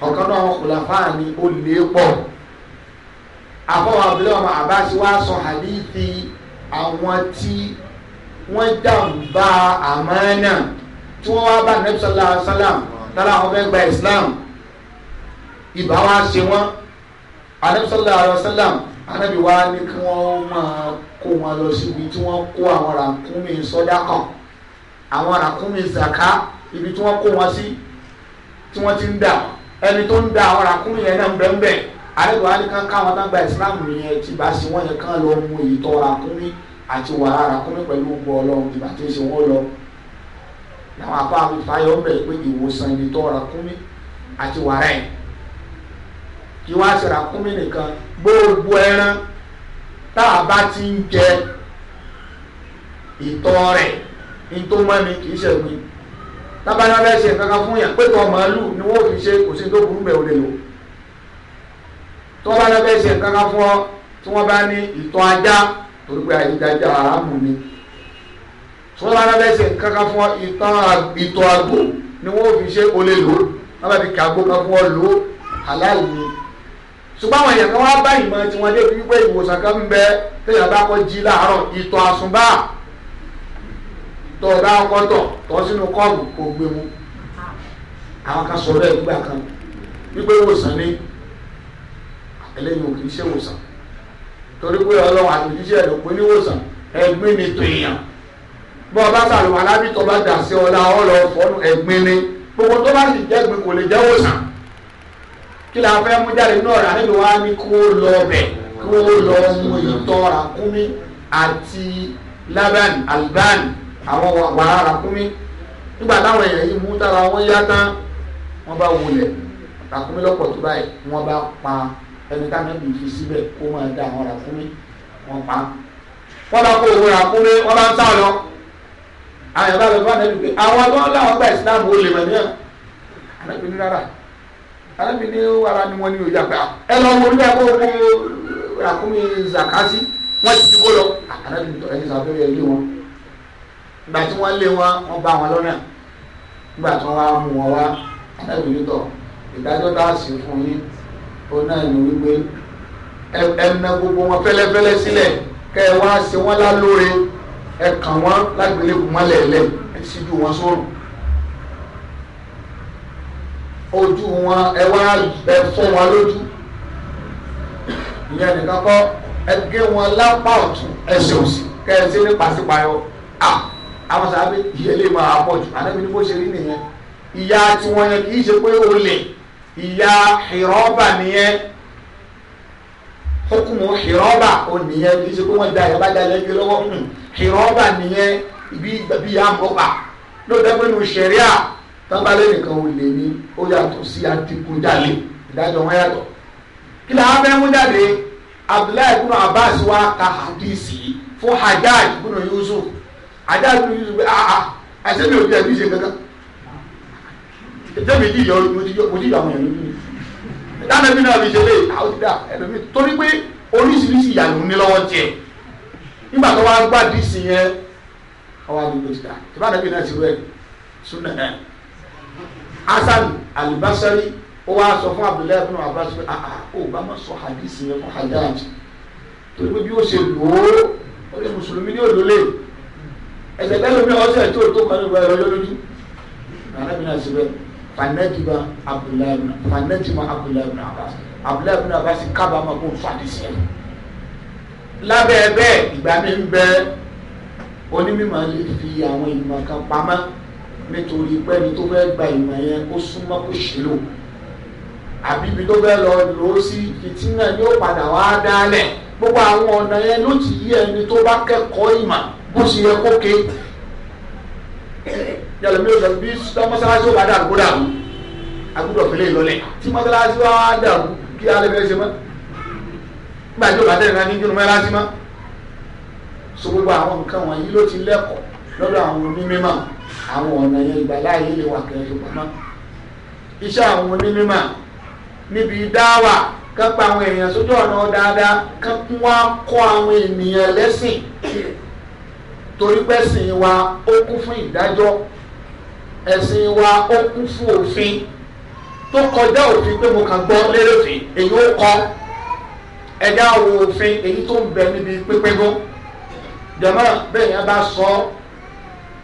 ọ̀kan náà àwọn kùlàfáà ni ó lè pọ̀ àfọwọ́ àbílẹ̀ ọmọ Abbas wá sọ hadith àwọn tí wọ́n jàǹbá àmánà tí wọ́n wá bá nàbí sọlá sálàm tálá àwọn fẹ́ gba islam ìbá wa ṣe wọ́n ànábì sọlá sálàm ànábì wa ní kí wọ́n máa kó wọn lọ síbi tí wọ́n kó àwọn ràkúnmí sọ́dá kan àwọn ràkúnmí zaka ibi tí wọ́n kó wọn sí tí wọ́n ti ń dà ẹni tó ń dà àwọn ràkúnmí yẹn náà bẹ́ẹ̀ bẹ́ẹ̀ ànábì wa ní kí wọ́n káwọn tán gba islam yẹn ti bá sí wọ́n yẹn kán lọ mú ìtọ́ ràkúnmí àti wà lára kúnmí pẹ̀lú gbọ́ ọlọ́run ìgbà tí ń ṣe wọ́n lọ làwọn apá àfihàn ọbẹ̀ pé ìwòsàn ibi tó ra kúnmí àti wàrà ẹ̀ kí wọ́n á ṣe ra kúnmí nìkan gbogbo ẹran tá a bá ti ń jẹ ìtọ̀ rẹ̀ ní tó mọ́ ni kì í ṣẹ̀gbìn tábàlá bẹ́ẹ̀ ṣe kankan fún yàn pé tó màálù ni wọ́n fi ṣe kò sí tó burú bẹ́ẹ̀ ò lò tó bẹ́ẹ̀ ṣe kankan fún ọ tí wọ́n bá ní ìtọ̀ ajá torí pé àyíjájá aráàmù ni sọ́dọ̀ ara bẹ́ẹ̀ ṣe kankan fún ìtọ́ àgbò ni wọ́n fi ṣe olè lò wọ́n bá fi kà àgbò kan fún ọ lò halal ni ṣùgbọ́n àwọn èèyàn kan wá bá ìmọ̀ tí wọ́n dé fi wípé ìwòsàn kan ń bẹ téèyàn bá kọ́ jí láàárọ̀ ìtọ̀ àsùnbà tọ́ ọ̀dà ọkọ̀tọ̀ tọ́ sínú kọ́ọ̀bù kò gbé mu àwọn kan sọ bẹ́ẹ̀ nígbà kan wípé ìwòsàn ni eléyìí ò kì í ṣe ìwòsàn torí pé ọlọ́run àtòjíṣẹ́ rẹ̀ pé níwòsàn ẹ̀gbin ni tó èèyàn bọ́ ọba sàlùmọ́ alábìtọ́ bá dà sí ọlá ọlọ́ fọ́nù ẹ̀gbin ni gbogbo tó bá sì jẹ́gbin kò lè jẹ́ wòsàn kí la fẹ́ mú jáde náà rà nínú wa ni kó lọ bẹ̀ kó lọ mu ìtọ́ ràkúnmí àti laban alban àwọn wàrà ràkúnmí nígbà táwọn èèyàn yìí mú tára wọn yá tán wọn bá wulẹ̀ ràkúnmí lọ́pọ̀ tó báyìí wọn bá pa ẹni táwọn ẹbí fi síbẹ̀ kó máa da àwọn ràkúnmí wọn pa wọn bá kó owó ràkúnmí wọn bá ń sá lọ àyàn bá lọ fún ànábì pé àwọn tó ń láwọn gba ìsìlámù olè mọ̀ níyà ànábì ní rárá ànábì ní ara ni wọn ní òye àgbà ẹ lọ wo nígbà kó kó ràkúnmí zakasi wọn ti ti kó lọ ànábì tọ̀ ẹni sàbẹ̀rẹ̀ ilé wọn ìgbà tí wọ́n lé wọn wọ́n bá wọn lọ́nà nígbà tí wọ́n wá mú wọn wá ànábì ní tọ̀ òun náà ní wípé ẹnà gbogbo wọn fẹ́lẹ́fẹ́lẹ́ sílẹ̀ kẹ́ ẹ wá ṣe wọ́n lálóore ẹ kàn wọ́n lágbélébùú mọ́lẹ̀ ẹ̀lẹ́ ẹ síjú wọn sọ̀rọ̀ ojú wọn ẹ wá ẹ fọ́ wọn lójú ìyẹn nìkan kọ́ ẹ gé wọn lápá ọ̀tún ẹsẹ̀ òsì kẹ́ ẹ sí ní pàṣípààyọ àwọn sábẹ́ ìyẹlé máa pọ̀ jù àná mi ní bó ṣe rí nìyẹn ìyá tiwọn yẹn kì í ṣe pé ó lè ìyá xìrọ́bà nìyẹn hukumu xìrọ́bà ó nìyẹn kì í ṣe pé wọ́n da ìyá bá da lẹ́jọ́ lọ́wọ́ xìrọ́bà hmm. nìyẹn ibi ìgbàbí yà mọ́pà ló dẹ́gbẹ́ nu sẹ̀ríà tábàlẹ́ nìkan ò lè ní ó yàtọ̀ sí adigunjalè ìdájọ́ wọn yàtọ̀ kí ló abẹ́ mú jáde abdullahi ibùnú abbas wa ka hadisi fún hajjaj ibùnú yusuf hajjaj ibùnú yusuf bẹ́ẹ̀ àà àṣẹ́bí òbí ẹ̀ bí ṣe kankan ètò mi ti yọ mo ti yọ àwọn èèyàn lójú mi dáná bí náà mi ṣe lé àwọn ti dà ẹlòmí torí pé oríṣiríṣi ìyà ló ní lọ́wọ́ jẹ nígbà tó wá gbà díìsì yẹn ọwọ́ àdúgbò ti dà ìbáná bí náà ti rẹ súnà náà Hasan Al-Basri ó wá sọ fún Abdullahi fún Abbas pé àà ó bá má sọ hadisi yẹn fún Hajjaj torí pé bí ó ṣe lò ó ó lè mùsùlùmí ní òlò lè ẹsẹ̀ tẹ́lẹ̀ mi ọ̀sẹ̀ tó tó kan ní ìgbà ẹ̀rọ lójú àrẹ́bìnrin àti bẹ́ẹ̀ fanajima abdullahi fanajima abdullahi ibn abbas abdullahi ibn abbas kábàámọ̀ kó fani sẹ lábẹ́ bẹ́ẹ̀ ìgbà mi ń bẹ onímọ̀ lè fi àwọn ìmọ̀ kan pamọ́ nítorí pé ẹni tó fẹ́ gba ìmọ̀ yẹn ó súnmọ́ kó ṣèlò àbí ibi tó fẹ́ lọ lò sí fìtínà ni padà wá dálẹ̀ gbogbo àwọn ọ̀nà yẹn ló ti yí ẹni tó bá kẹ́kọ̀ọ́ ìmọ̀ bó ṣe yẹ kó ké yàrá mi ò sọ bí mọ́sálásí ò bá dàrú kó dàrú agbúdọ̀ fẹlẹ̀ ìlọlẹ̀ tí mọ́sálásí wa dàrú kí alẹ́ bẹ́ẹ̀ ṣe mọ́ gbàdúrà bá tẹ̀lé náà ní jùlọ mọ́sálásí mọ́ so gbogbo àwọn nǹkan wọ̀nyí ló ti lẹ́kọ̀ọ́ lọ́dọ̀ àwọn onímọ̀ àwọn ọ̀nà yẹn ìgbàláyé lè wà kẹ́ẹ̀ẹ́ pamọ́ iṣẹ́ àwọn onímọ̀ níbi dáwà kán pa àwọn èèyàn sójú ọ̀nà dáadáa kán wá kọ́ àwọn ènìyàn lẹ́sìn torí pẹ́sìn wa ó kún fún ìdájọ́ ẹ̀sìn wa ó kún fún òfin tó kọjá òfin pé mo kàn gbọ́ lérò òfin èyí ó kọ́ ẹ̀dá wo òfin èyí tó ń bẹ níbi pípẹ́gbọ́ jọ̀mọ́ bẹ́ẹ̀ yẹn bá sọ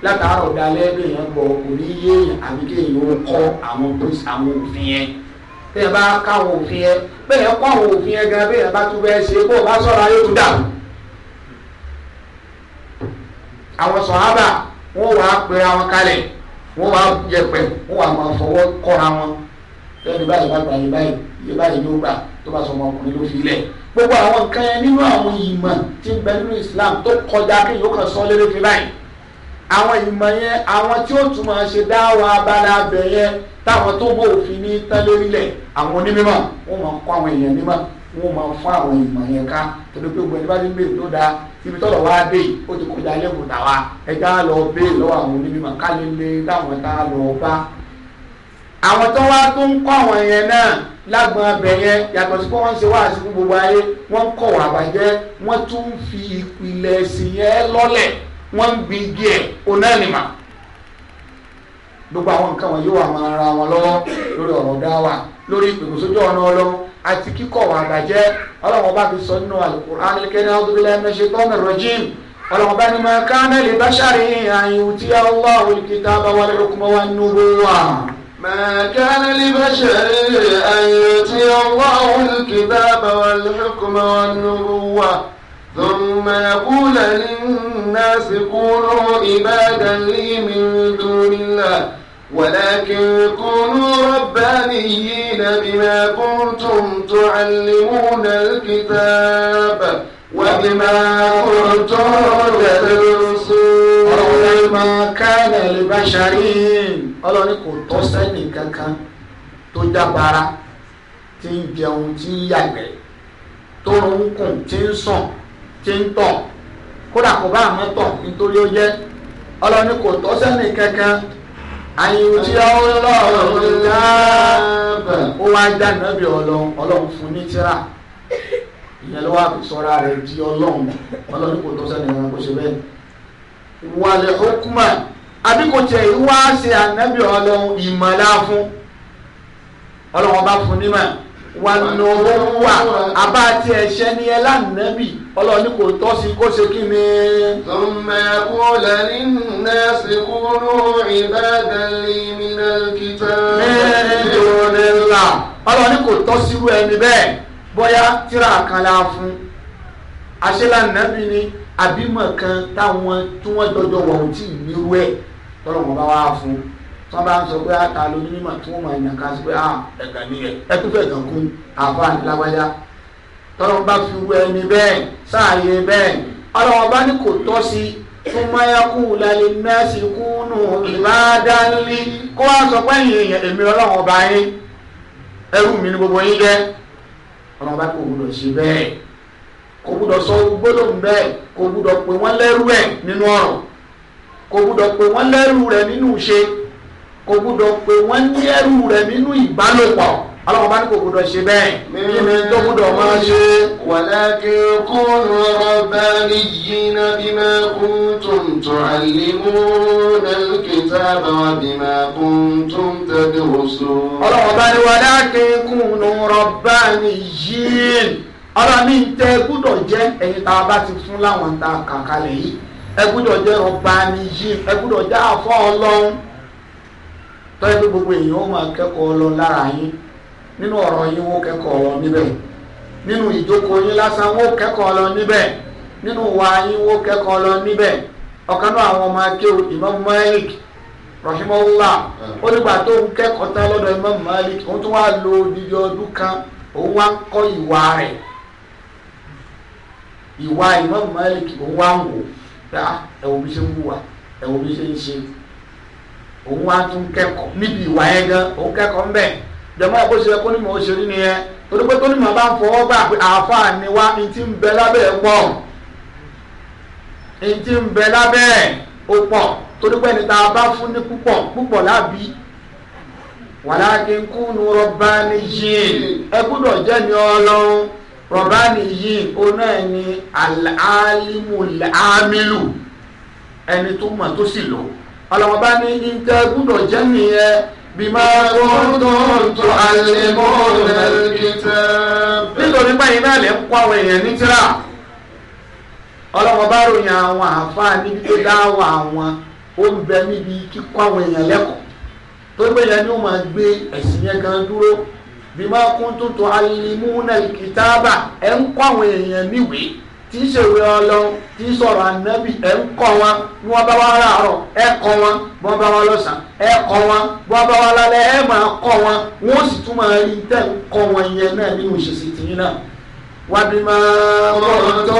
látàárọ̀ dalẹ́ bẹ́ẹ̀ yẹn gbọ́ kò ní yé èèyàn àbí kéèyàn ó kọ́ àwọn àwọn òfin yẹn bẹ́ẹ̀ bá káwọn òfin yẹn bẹ́ẹ̀ yẹn kọ́ àwọn òfin yẹn gan bẹ́ẹ̀ yẹn bá tún bẹ́ẹ̀ ṣe kó o bá sọ̀rọ̀ ayé tó dàrú àwọn sọ̀hábà wọ́n wọ́n wá yẹpẹ̀ wọ́n wá máa fọwọ́ kọ́ra wọn lẹ́yìn báyìí bá gbà yé báyìí yé báyìí ló gbà tó bá sọ ọmọkùnrin ló fi lẹ̀ gbogbo àwọn nǹkan yẹn nínú àwọn ìmọ̀ tí ń bẹ nínú Islam tó kọjá kí yóò kàn sọ lérè fi báyìí àwọn ìmọ̀ yẹn àwọn tí ó tún máa ṣe dáwọ́ abala abẹ yẹn táwọn tó bó òfin ní tán lérí àwọn onímọ̀ wọ́n máa kọ́ àwọn èèyàn mímọ̀ wọn máa fún àwọn ìmọ̀ yẹn ká torí pé gbogbo ẹni bá ti ń béèrè tó dáa ibi tọ́lọ̀ wá dé yìí ó ti kọjá lẹ́kùn tàwa ẹja lọ béèrè lọ́wọ́ àwọn onímọ̀ ká lè lé láwọn tá a lọ bá. àwọn tó wá tó ń kọ́ àwọn yẹn náà lágbọn abẹ yẹn yàtọ̀ sí pé wọ́n ń ṣe wáhà sí fún gbogbo ayé wọ́n ń kọ̀ wà bàjẹ́ wọ́n tún ń fi ìpìlẹ̀ ẹ̀sìn yẹn lọ́lẹ̀ wọ́n ń gbin igi ẹ̀ onánìmọ̀ gbogbo àwọn nǹkan wọn yóò wà máa ra wọn lọ́wọ́ lórí ọ̀rọ̀ dáwà lórí ìpèkùsójú ọ̀nà ọlọ́wọ́ àti kíkọ̀ wà àbàjẹ́ ọlọ́run ọba fi sọ nínú alukur'an kẹ́ni ọdúnbílẹ̀ mẹ́ṣẹ́ tọ́nà rọ́jìm ọlọ́run ọba ni máa ká náà lè bá ṣàrí àyìn tí allah olùkìtà bá wà lórúkọ wa nínú wa. ما كان لبشر أن يؤتي الله الكتاب والحكم والنبوة ثم يقول للناس كونوا عبادا لي من دون الله ولكن كونوا ربانيين بما كنتم تعلمون الكتاب وبما كنتم تدرسون ọlọ́run ما كان لبشر ọlọ́run kò tọ́ sẹ́ni kankan tó dábàárà tí ń jẹun tí ń yàgbẹ́ tó ń kùn tí ń sàn tí ń tọ̀ kódà kò bá àmọ́ tọ̀ nítorí ó jẹ́ ọlọ́run kò tọ́ sẹ́ni kankan àyùtí ọlọ́run lábẹ́ ó wá dá nàbí ọlọ́run ọlọ́run fún ní tíra ìyẹn ló wà fi sọ́ra rẹ̀ di ọlọ́run ọlọ́run kò tó sẹ́ni ẹran kò ṣe bẹ́ẹ̀ wàlẹ̀ okuma àbí kò tẹ̀ wá ṣe ànábì ọlọ́run ìmọ̀lá fún ọlọ́run ọba fún nímọ̀ wà nùbọ̀ wà àbá tí ẹ ṣẹ́ ní ẹ lánàbì ọlọ́ọ̀ni kò tọ́ sí kó ṣe kí ni. thumma qala lin-nasi kunu ibadan li minal kitab. mẹ́rìndínlá ọlọ́ọ̀ni kò tọ́ sírú ẹni bẹ́ẹ̀ bóyá tíra kan la fún aṣẹ́lánàbì ni abimakan kan táwọn tí wọ́n jọjọ wọ̀ ọ́ tí ì wọn bá wá fún tí wọ́n bá ń sọ pé àtà ah, ló ní mímọ̀ tí wọ́n mọ̀ ẹ̀yàn ká sí pé à ah, ẹ̀gà ni ẹ̀ ẹ̀kúfẹ̀ kan kún àfa ìlàwáyá tọ́lọ́ bá fi wú ẹni bẹ́ẹ̀ sáàyè bẹ́ẹ̀ ọlọ́wọ́n bá ní kò tọ́ sí túnmáyákú lálẹ́ mẹ́sì kúnnù ìbádánlí kó wá sọ pé èèyàn èmi ọlọ́wọ́n ọba yín ẹrú mi ní gbogbo yín jẹ́ ọlọ́wọ́n bá kò gbúdọ̀ sí bẹ́ẹ̀ kò gbúdọ̀ sọ gbólóhùn bẹ́ẹ̀ kò gbúdọ̀ pè wọ́n lẹ́rú ẹ̀ nínú ọ̀rọ̀ kò gbúdọ̀ pè wọ́n lẹ́rú rẹ̀ nínú ìṣe kò gbúdọ̀ pé wọ́n ní ẹrú rẹ̀ nínú ìbálòpọ̀ ọlọ́run bá ní kò gbúdọ̀ ṣe bẹ́ẹ̀ kí ni tó gbúdọ̀ máa ṣe. walakin kunu rabbaniyina bima kuntum tuallimuna alkitaba wa bima kuntum tadrusun. ọlọ́run bá ní walakin kunu rabbaniyin ọlọ́run ní tẹ́ gbúdọ̀ jẹ́ ẹ̀yin tá a bá ti fún láwọn tá a kàkálẹ̀ yìí ẹ gbúdọ̀ jẹ́ rabbaniyin ẹ gbúdọ̀ jẹ́ àfọ́ ọlọ́run. tọ́jú pé gbogbo èèyàn ó máa kẹ́kọ̀ọ́ lọ lára yín nínú ọ̀rọ̀ yín wọ́n kẹ́kọ̀ọ́ lọ níbẹ̀ nínú ìjókòó yín lásán wọ́n kẹ́kọ̀ọ́ lọ níbẹ̀ nínú wa yín wọ́n kẹ́kọ̀ọ́ lọ níbẹ̀ ọ̀kan náà àwọn ọmọ Imam Malik rahimahullah ó nígbà tó ń kẹ́kọ̀ọ́ Imam Malik òun wá lo odidi ọdún kan òun Malik òun wá ń wò òun wá tún kẹ́kọ̀ọ́ níbi ìwà yẹn gan òun kẹ́kọ̀ọ́ ń bẹ̀ jọmọ ẹ kó ṣe kó ní mọ oṣù rí nìyẹn torí pé tó ní mọ bá ń fọwọ́ gbà pé àáfàá ni wá ní ti ń bẹ lábẹ́ ẹ̀ pọ̀ ní ti ń bẹ lábẹ́ ó pọ̀ torí pé ní bá fún ní púpọ̀ púpọ̀ lábí wàlákin kúnnù rọ̀bániyìn ẹ gbọ́dọ̀ jẹ́ ní ọlọ́run rọ̀bániyìn oná ẹ̀ ní alálímù àmìlù ẹni tó mọ̀ tó sì lò ọlọ́wọ́ bá ní ìtẹ́ gbúdọ̀ jẹ́ nìyẹn bí máa wọ́n tó tó alẹ́ mọ́ ẹ̀ẹ́dẹ́gbẹ̀tẹ́. nítorí báyìí náà lè ń kó àwọn èèyàn ní tíra ọlọ́wọ́ bá ròyìn àwọn àáfàá níbi tó dáwọ́ àwọn ó níbi kíkọ́ àwọn èèyàn lẹ́kọ̀ọ́ tó gbé yẹn ni ó máa gbé ẹ̀sìn yẹn gan dúró bí máa kún tó tó alẹ́ mú náà kìtáàbà ẹ̀ ń kó àwọn èèyàn níwèé tí í ṣèwé ọlọ́run tí í sọ̀rọ̀ ànábì ẹ̀ ń kọ́ wọn bí wọ́n bá wá láàárọ̀ ẹ̀ kọ́ wọn bí wọ́n bá wá lọ́sàn-án ẹ̀ kọ́ wọn bí wọ́n bá wá lálẹ́ ẹ̀ máa kọ́ wọn wọ́n sì tún máa rí tẹ̀ ń kọ́ wọn yẹn náà nínú ìṣesí tìyín náà. wà á bí máa rọrùn tó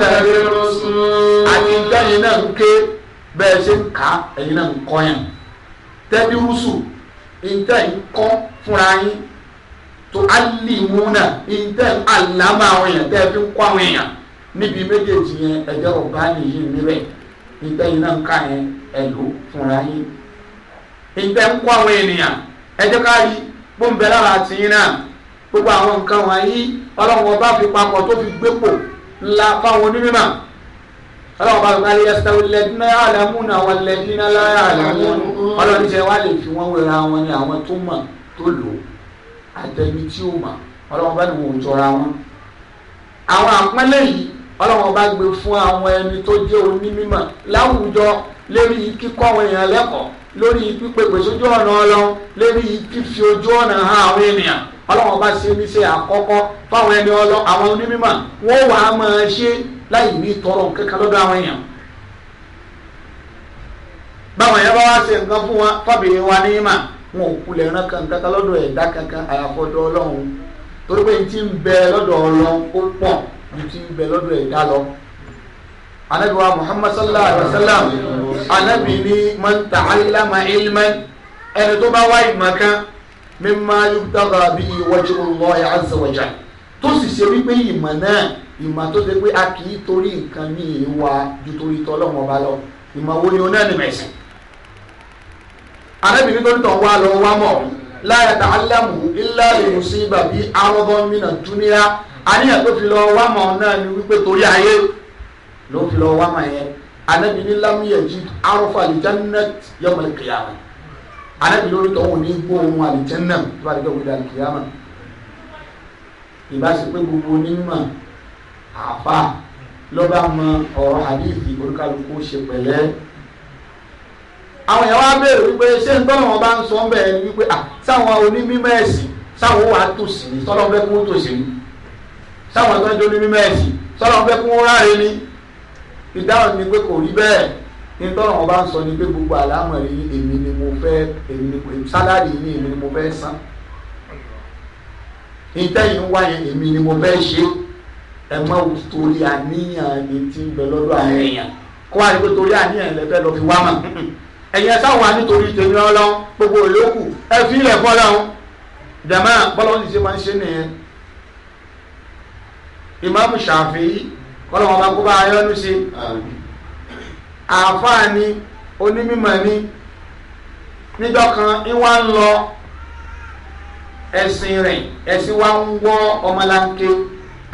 dàbí rọ̀sùn. àti ìgbẹ́yìn náà ń ké bẹ́ẹ̀ ṣe ń kà á ẹ̀yin náà ń kọ́ yẹn. tẹ́bí rúṣù ìtẹ́ ń kọ́ fúnra níbi méjèèjì yẹn ẹ̀jẹ̀ ọ̀gá nìyí níbẹ̀ ìtẹ́yìn náà ń ká yẹn ẹ̀lú fúnra yín ìtẹ́ ń kó àwọn ènìyàn ẹ̀jẹ̀ ká rí gbóǹbẹ̀ lára tìyín náà gbogbo àwọn nǹkan wọ̀nyí ọlọ́run ọba fi papọ̀ tó fi gbépò ńlá fáwọn onímọ̀ ọlọ́run bá gba ilé ẹsẹ̀ lẹ́dínà àlámúnà wọn lẹ́dínà láyà àlámúnà ọlọ́run jẹ́ wá lè fi wọ́n wéra wọn ní àwọn tó mọ̀ tó lò àtẹ̀mí tí ó mọ̀ ọlọ́run bá ní wọn ò wọn. àwọn àpẹẹlẹ yìí ọlọ́run ọba gbé fún àwọn ẹni tó jẹ́ onímọ̀ láwùjọ lérí kíkọ́ àwọn èèyàn lẹ́kọ̀ọ́ lórí pípèpè sójú ọ̀nà ọlọ́run lérí fífi ojú ọ̀nà hàn àwọn ènìyàn ọlọ́run ọba ṣe oníṣẹ́ àkọ́kọ́ fáwọn ẹni ọlọ́ àwọn onímọ̀ wọ́n wà á máa ṣe láì ní tọrọ kankan lọ́dọ̀ àwọn èèyàn báwọn èèyàn bá wá ṣe nǹkan fún wọn fábìrin wa ní ìmà wọn ò kulẹ̀ ràn kankan lọ́dọ̀ ẹ̀dá kankan àyàfọ́dọ̀ ọlọ́run torí pé ti ń bẹ lọ́dọ̀ ọlọ́run ó pọ̀ ju ti bẹ lọ́dọ̀ ẹ̀dá lọ anabi wa muhammad sallallahu alaihi wa sallam anabi ni man ta'allama ilman ẹni tó bá wá ìmọ̀ kan mimma yubtagha bihi wajhu Allahi azza wa jalla tó sì ṣe wípé ìmọ̀ náà ìmọ̀ tó ṣe pé a kì í torí nǹkan ní ìwà ju torí tọ́lọ́mọ bá lọ ìmọ̀ wo ni o náà ni mẹ̀sìn. arábìnrin tó ń wá lọ wá mọ̀ ọ́n láyà tá alámù ilá lè mú sí bàbí arọ́bọ́ mìíràn dúníyà àníyàn tó fi lọ wá mọ̀ náà ni wípé torí ayé ló fi lọ wá mọ̀ yẹn anabi ní lámúyẹ̀ jí arọ́fọ́ àlìjánná yọmọ ìkìyàmù anabi lórí tó wù ní gbó ohun àlìjánná tó bá dé gbé àlìkìyàmù ìbáṣepẹ́ gbogbo onímọ̀ àfa lọ́ba mọ ọ̀rọ̀ àdéhìí oníkálukú ṣe pẹ̀lẹ́ àwọn èèyàn wá béèrè wípé ṣé ń tọ́nà wọn bá ń sọ ń bẹ̀rẹ̀ ni wípé à sáwọn onímọ̀ ẹ̀sìn sáwọn wàá tòsí ni sọ́nà fẹ́ kó tòsí ni sáwọn tó ń jó onímọ̀ ẹ̀sìn sọ́nà fẹ́ kó ráre ni ìdáhùn ni pé kò rí bẹ́ẹ̀ ní tọ́nà wọn bá ń sọ ni pé gbogbo àlámọ̀ yìí èmi ni mo fẹ́ èmi ni sálárì yìí èmi ni mo fẹ́ san ìtẹ́yìn ń wáyé èmi ni mo fẹ́ ṣe ẹ má torí àníyàn ni ti ń bẹ lọ́dọ̀ àwọn èèyàn kó wá ní pé torí àníyàn lẹ fẹ́ lọ fi wá mọ̀ ẹ̀yẹ sáwọn anítorí tèmi ọlọ́run gbogbo olókù ẹ fi ilẹ̀ fọlọ́run jàmá bọ́lá ti ṣe máa ń ṣe nìyẹn ìmáàmù Ṣàfi'í kọ́lọ́mọ bá kó bá ayọ́nu sí àáfàá ni onímọ̀ ni níjọ́ kan ìwà ń lọ ẹ̀sìn rẹ̀ ẹ̀sìn wa ń wọ́ ọmọlanke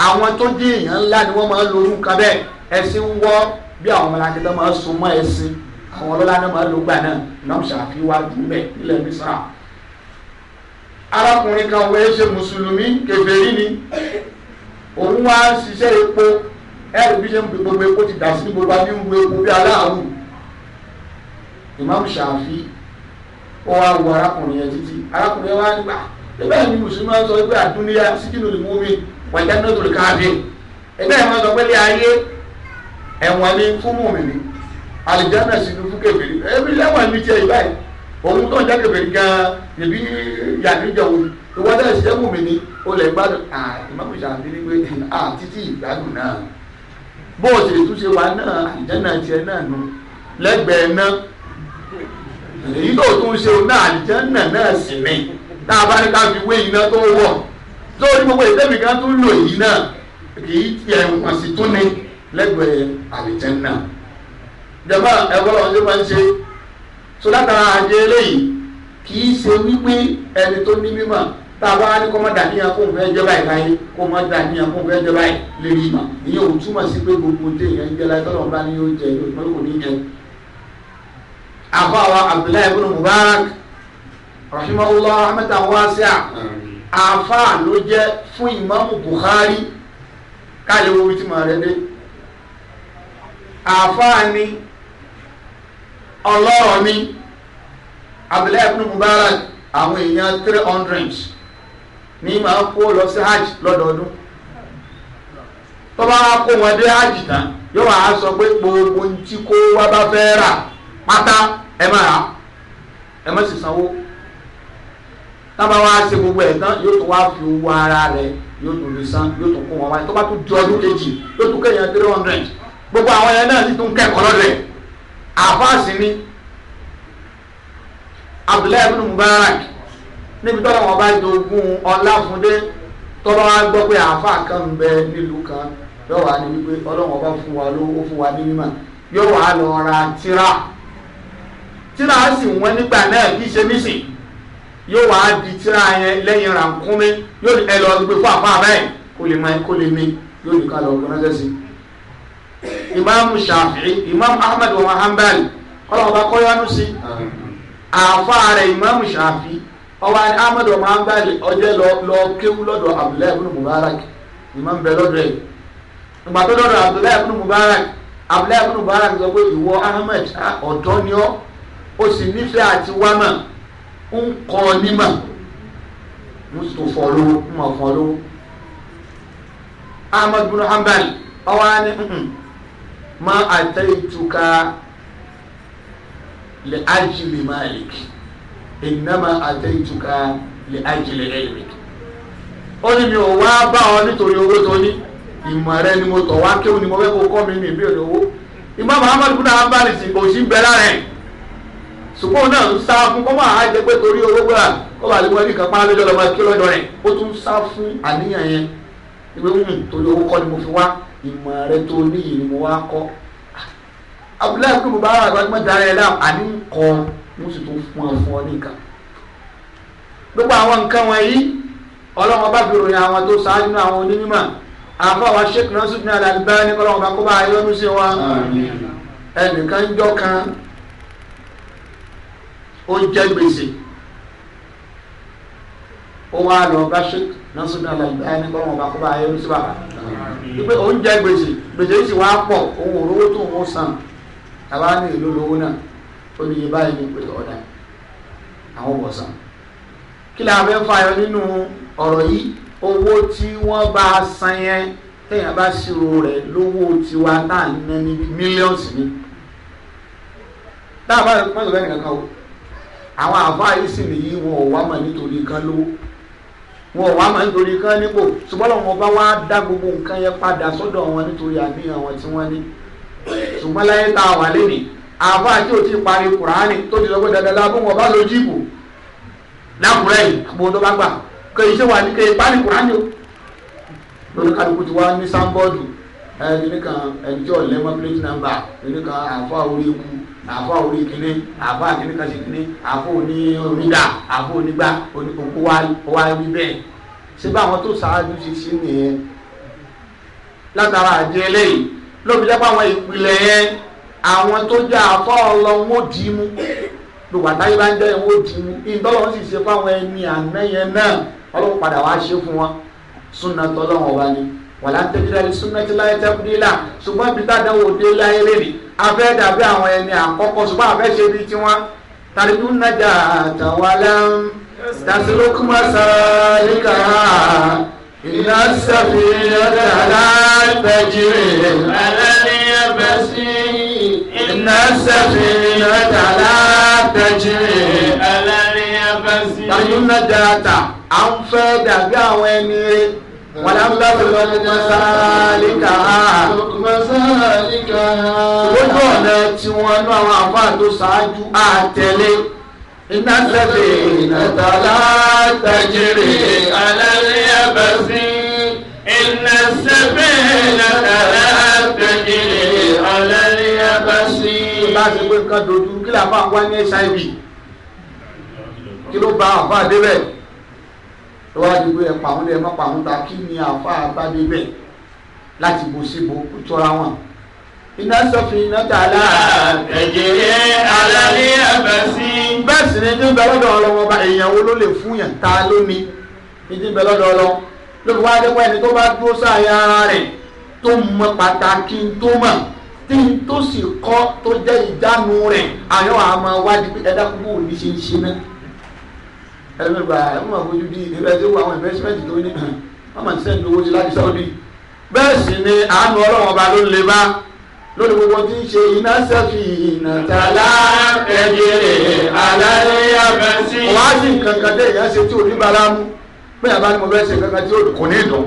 àwọn tó jẹ́ èèyàn ńlá ni wọ́n máa ń lo orúkọ bẹ́ẹ̀ ẹ̀sìn ń wọ́ bí àwọn ọmọlanke tó máa ń so mọ́ ẹ̀sìn àwọn ọlọ́lá náà máa lò gbà náà náà ṣàfihàn jùlẹ̀ nílẹ̀ Mísírà arákùnrin kan wọ́n ṣe mùsùlùmí kèfèrí ni òun wá ṣiṣẹ́ epo ẹ̀rù bí ṣe ń gbé gbogbo epo ti dà sí gbogbo àbí ń gbé epo bí aláàrù Imam Ṣàfi ó wá wo arákùnrin yẹn títí arákùnrin yẹn wá nígbà ẹgbẹ́ mi mùsùlùmí máa sọ pé àdúnyá síkìlù ni mo mi wàjá náà tó lè káàbí ẹgbẹ́ mi máa ń sọ pé lé ayé ẹ̀wọ̀n ni fún mùmìnì àlìjáná sì lu fún kèfèrí ẹbí lẹ́wọ̀n mi tiẹ̀ báyìí òun tó ń já kèfèrí gan ẹbí yàtújọ wo ìwádà ìṣẹ́wù mi ni ó lè gbádùn à ìmọ̀mù ṣàǹdí ni pé à títí ìgbádùn náà bó o sì lè túnṣe wa náà àlìjáná tiẹ̀ náà nù lẹ́gbẹ̀ẹ́ náà èyí tó tún ṣe náà àlìjáná náà sì ní tá a bá ní ká fi wé iná tó wọ̀ tó ní gbogbo ìtẹ́mi kan tún lò yìí náà kì í tiẹ̀ wọ̀n sí tún ní lẹ́gbẹ̀ẹ́ àlìjáná náà jama ẹgbọ́n ọ̀hún ló máa ń ṣe so látara àjẹ eléyìí kì í ṣe wípé ẹni tó ní mímọ̀ tá a bá ní kó má dàníyàn kó fẹ́ jẹ́ báyìí láyé kó má dàníyàn kó fẹ́ jẹ́ báyìí lè rí ìmọ̀ ìyẹn ò túmọ̀ sí pé gbogbo téèyàn jẹ́ láyé tọ́lọ̀ bá ní yóò jẹ ìlú kò ní jẹ. àbá wa Abdullahi ibn Mubarak rahimahullah rahmatan wasi'a àfa ló jẹ́ fún Imamu Bukhari káàlẹ́ wo wí tí màá rẹ dé àfa ni ọlọ́rọ̀ ni Abdullahi ibn Mubarak àwọn èèyàn three hundred ní máa kó lọ sí hajj lọ́dọọdún tó bá wá kó wọn dé hajj tán yóò wá sọ pé gbogbo ń tí kó wá bá fẹ́ rà pátá ẹ má rà ẹ má sì sanwó tábà wá ṣe gbogbo ẹ̀ tán yóò tún wá fi owó ara rẹ̀ yóò tún lè san yóò tún kó wọn wáyé tó bá tún di ọdún kejì yóò tún kéèyàn three hundred gbogbo àwọn yẹn náà sì tún kẹ́kọ̀ọ́ lọ́dọ̀ ẹ̀ àfáàsì ni abdullahi ibn mubarak níbi tọ́lọ́ wọn bá jogún ọláfúndé tọ́lọ́ wa gbọ́ pé àáfàá kan ń bẹ nílùú kan yóò wá ní wípé ọlọ́wọ́n bá fún wa lówó fún wa ní mímọ̀ yóò wá lọ ra tírà tírà sì wọ́n nígbà náà kì í ṣe níṣì yóò wá di tírà yẹn lẹ́yìn rànkúnmí yóò ẹ lọ gbé fún àfáà báyìí kó lè mọ kó lè mi yóò ní ká lọ ránṣẹ́ sí imam shafi'i imam ahmed wa hanbali kọlọ́wọ́ bá kọ́yọ́nù sí àáfàá rẹ̀ imam shafi'i ọba ni ahmed wa hanbali ọjọ́ lọ kéwú lọ́dọ̀ abdullahi ibn mubarak imam bẹ lọ́dọ̀ ẹ̀ ìgbà tó lọ́dọ̀ abdullahi ibn mubarak abdullahi ibn mubarak sọ pé ìwọ ahmed ọ̀dọ́ ni ọ́ ó sì nífẹ̀ẹ́ àti wámà ahmed ibn hanbali ọwọ́ á ma ataituka li ajili malik innama ataituka li ajili ilmik ma ní mi ò wá bá ọ nítorí owó tó ní ìmọ̀ rẹ ni mo tọ̀ wá kéwù ni mo fẹ́ kó kọ́ mi mi ìbéèrè owó ìmọ̀ muhammadu bin hanbali sì kò sí bẹ́ẹ̀ lára ẹ̀ ṣùgbọ́n náà ń sá fún pé torí owó kan pa lọ́mọ kí rẹ̀ ó tún sá fún àníyàn yẹn ìwé hmm, torí ìmọ̀ rẹ tó ní yìí ni mo wá kọ́ abúlé kí mo bá rà gbọ́dọ̀ mọ́ dára ẹ dáhùn àní ń kọ́ mo sì tún fún ọ fún ọ nìkan gbogbo àwọn nǹkan wọ̀nyí ọlọ́wọ́n bá bèrò yẹn àwọn tó ṣáájú náà àwọn onímọ̀ àfọwọ́ sheik nasir ní Al-Albani ọlọ́wọ́n bá kó bá yọnu sí wa ẹnìkan jọ kan ó jẹ gbèsè ó wá lọ bá sheik nọ́ọ̀sì náà ẹni kọ́ wọn bá kó bá ayé oníṣẹ́ bàbá wípé òun jẹ gbèsè gbèsè yìí sì wá pọ̀ òun ò rówó tó òun san tàbá ní ìlú lówó náà ó ní iye báyìí ní pé ọ̀dà àwọn ò san kí la fẹ́ fààyàn nínú ọ̀rọ̀ yìí owó tí wọ́n bá san yẹn téèyàn bá ṣírò rẹ̀ lówó tiwa náà ná ní mílíọ̀nsì ni dáàbá mọ́tò bẹ́ẹ̀ nìkan kan o àwọn àfáà yìí sì nìyí wọn ò wá nítorí kan wọn ò wá máa ń torí kán nípò ṣùgbọ́n làwọn ọba wá dá gbogbo nǹkan yẹn padà sọ́dọ̀ wọn nítorí àníyàn wọn tí wọ́n ní ṣùgbọ́n láyé tá a wà lẹ́nìí àbá tí ò ti parí kùránì tó ti sọ pé dandan la fún wọn bá lójú ìbò lákùrẹ́ yìí àbúrò tó bá gbà kò ìṣe wà ní kéye parí kùránì o lórí kálukú ti wá ní sáńbọ́ọ̀dù ẹni kan ẹni tí ò lẹ́mọ́ plate number ẹni kan àfa orí ikú àfọ orí kìíní àfọ àkíní kan ṣe kìíní àfọ oní onídà àfọ onígbà oníkókó wá wí bẹ́ẹ̀ ṣé báwọn tó ṣáájú ṣe ṣe nìyẹn látara àjẹ eléyìí lóbi lẹ́pọ̀ àwọn ìpìlẹ̀ yẹn àwọn tó jẹ́ àfọ ọlọ́run ó dì í mú gbogbo àtàyè bá ń jẹ́ ìwọ́n ó dì í mú ìdọ́lọ́run sì ṣe fáwọn ẹni àná yẹn náà ọlọ́run padà wá ṣe fún wọn súnà tọ́lọ́run wàlá tẹ́júdà lè súnmẹ́tì láyé tẹ́kùdílà ṣùgbọ́n ibi tàdá wò dé láyé lèmi afẹ́ dàbí àwọn ẹni àkọ́kọ́ ṣùgbọ́n afẹ́ ṣe bí tiwọn tàbí nàjà àtàwálá tàṣílókùmá sàlíkà iná sàfi ọ̀dàlá tẹ̀jìrì alẹ́ ẹ̀bẹ̀ sí iná sàfi ọ̀dàlá tẹ̀jìrì alẹ́ ẹ̀bẹ̀ sí. tàbí nàjà àtà à ń fẹ́ dàbí àwọn ẹni wàlámbá tó lọ ní masáàlìkà á. masáàlìkà á. lójú ọ̀nà tí wọ́n ní àwọn àfáà tó ṣáájú àtẹ̀lé. iná sẹ́lẹ̀ ìnàtàlá tajiri alẹ́ abẹ́sí. iná sẹ́lẹ̀ ìnàtàlá tajiri alẹ́ abẹ́sí. bá a ti gbé nǹkan dojú kí lè àfáà wá ní hiv kí ló ba àfáà débẹ̀ ẹ wá di pé ẹ pa àwọn lẹ má pa àwọn ta kí ni àfa àbádé bẹ láti bo síbo kó tọ́ra wọn. iná sọfin iná tà á lá. ẹ̀jẹ̀ alálẹ́ àbẹ̀sí. bẹ́ẹ̀ sì ni níbi ọlọ́dọ̀ ọlọ́wọ́ bá èèyàn wo ló lè fún yàn ta ló ní níbi ọlọ́dọ̀ ọlọ́wọ́ lórí wá dé wẹ́ni tó bá dúró sáyà rẹ̀ tó mọ pàtàkì tó mọ̀ tí n tó sì kọ́ tó jẹ́ ìjánu rẹ̀ àyọ̀ àmọ́ wá di pé ẹ dákúgbò ní ṣe ń ṣe náà ẹlẹ́mi gba ẹ̀mú àfojú bí ìrẹ́ tí ó wọ àwọn investment tó ní wọ́n máa ń sẹ́ni owó ní láti sáwọ́dì bẹ́ẹ̀ sì ni àánú ọlọ́run ọba ló lè bá lórí gbogbo tí ń ṣe iná sẹ́fì iná tààlà ẹ̀jẹ̀ alẹ́ abẹ́sí. wọ́n á sì kankan dé ìyá ṣe tí ò ní bala mú bẹ́ẹ̀ abá ni mo fẹ́ ṣe kankan tí kò ní dùn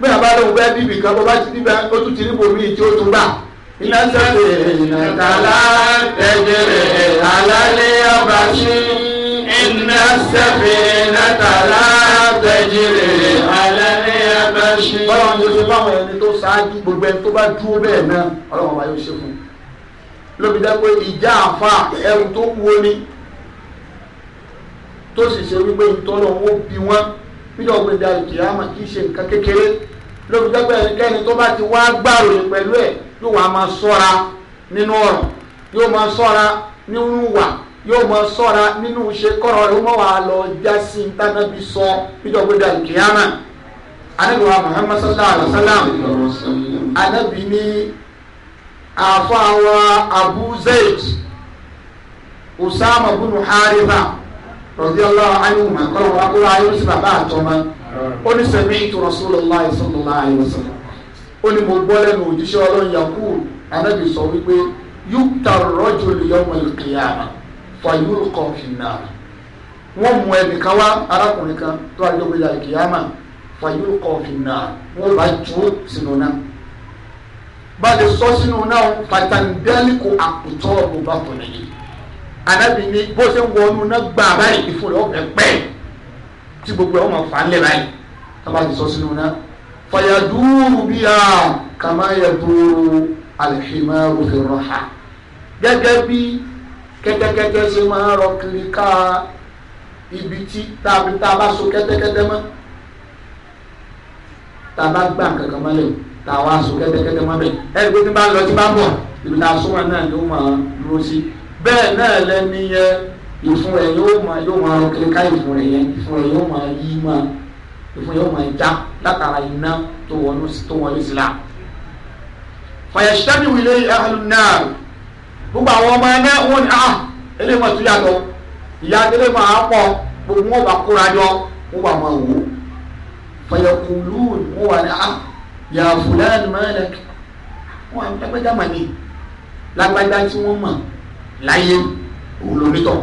bẹ́ẹ̀ abá lóhùn bẹ́ẹ̀ bíbí kan bó bá ti bíbá ó tún ti ní bòmí tí ó tún gbà iná sẹ́fì iná tààlà ẹ̀jẹ̀ alẹ́ abẹ́sí. إن السفينة لا تجري على اليبس. báwọn yóò ṣe báwọn ẹni tó ṣáájú gbogbo ẹni tó bá dúró bẹ́ẹ̀ náà ọlọ́run wa yóò ṣe fún un. lóbi dá pé ìjà àfa ẹrù tó wú ni tó sì ṣe wípé ìtọ́nà ó bí wọ́n nígbà ògbé da ìkìyàmà kì í ṣe nǹkan kékeré lóbi dá pé ẹnikẹ́ni tó bá ti yóò mọ sọ́ra nínú ṣe kọ́rọ̀ rẹ̀ wọ́n wà lọ jásí ntànàbí sọ níjọba ìkìyàmà anabi wa muhammad sallallahu alaihi wa sallam anabi ni àfọ àwọn abu zayd usama bunu haritha radiyallahu anhuma kọ́rọ̀ wa kọ́rọ̀ ayé sí bàbá àtọ́mọ ó ní sami'tu rasulullah sallallahu alaihi wa sallam ó ní mo gbọ́ lẹ́nu òjíṣẹ́ ọlọ́run yakub anabi sọ wípé yukta ar-rajul yawm al-qiyamah fàyúrù kan fìnnà wọ́n mú ẹnìkan wá arákùnrin kan tó àjọpọ̀ ìyá ìkìyàmà fàyúrù kan fìnnà wọ́n bá jù ú sínú náà bá a lè sọ sínú náà fàtàndẹ́lìkù àkùtọ́ ọ̀bùn bá tọ̀ nìyí anabi ni bó ṣe ń wọnú náà gbà báyìí ìfún rẹ̀ ọ̀fẹ́ tí gbogbo ẹ̀ fà á lẹ̀ báyìí tá lè sọ sínú náà fàyàdúrú bí a kàmáyàdúrú alìhìmáàrú fi rọ̀ ha gẹ́gẹ́ bí kẹ́tẹ́kẹ́tẹ́ ṣe máa ń rọ kiri ká ibi tí tàbí tá a bá so kẹ́tẹ́kẹ́tẹ́ mọ́ tá a bá gbà kankan mọ́lẹ̀ tá a wá so kẹ́tẹ́kẹ́tẹ́ mọ́ bẹ́ẹ̀ ẹ̀rí pé tí bá lọ tí bá bọ̀ ibi tá a súnmọ́ náà ni ó máa dúró sí bẹ́ẹ̀ náà lẹ́ni yẹn ìfun rẹ̀ yóò máa yóò máa rọ kiri ká ìfun rẹ̀ yẹn ìfun rẹ̀ yóò máa yí máa ìfun yóò máa já látara iná tó wọlé sílá fàyàṣẹ́ mi wílé ahlun náà gbogbo àwọn ọmọ ẹgbẹ́ wọn ni ah eléyìí mọ̀ tún yàtọ̀ ìyá eléyìí mọ̀ á pọ̀ gbogbo wọn bá kóra jọ wọn bá máa wò ó wọn wà ní ah yà fúlẹ́ẹ̀nì mẹ́lẹ̀ wọn à ń lágbájá mà ní lágbájá tí wọ́n mọ̀ láyé òun lónítọ̀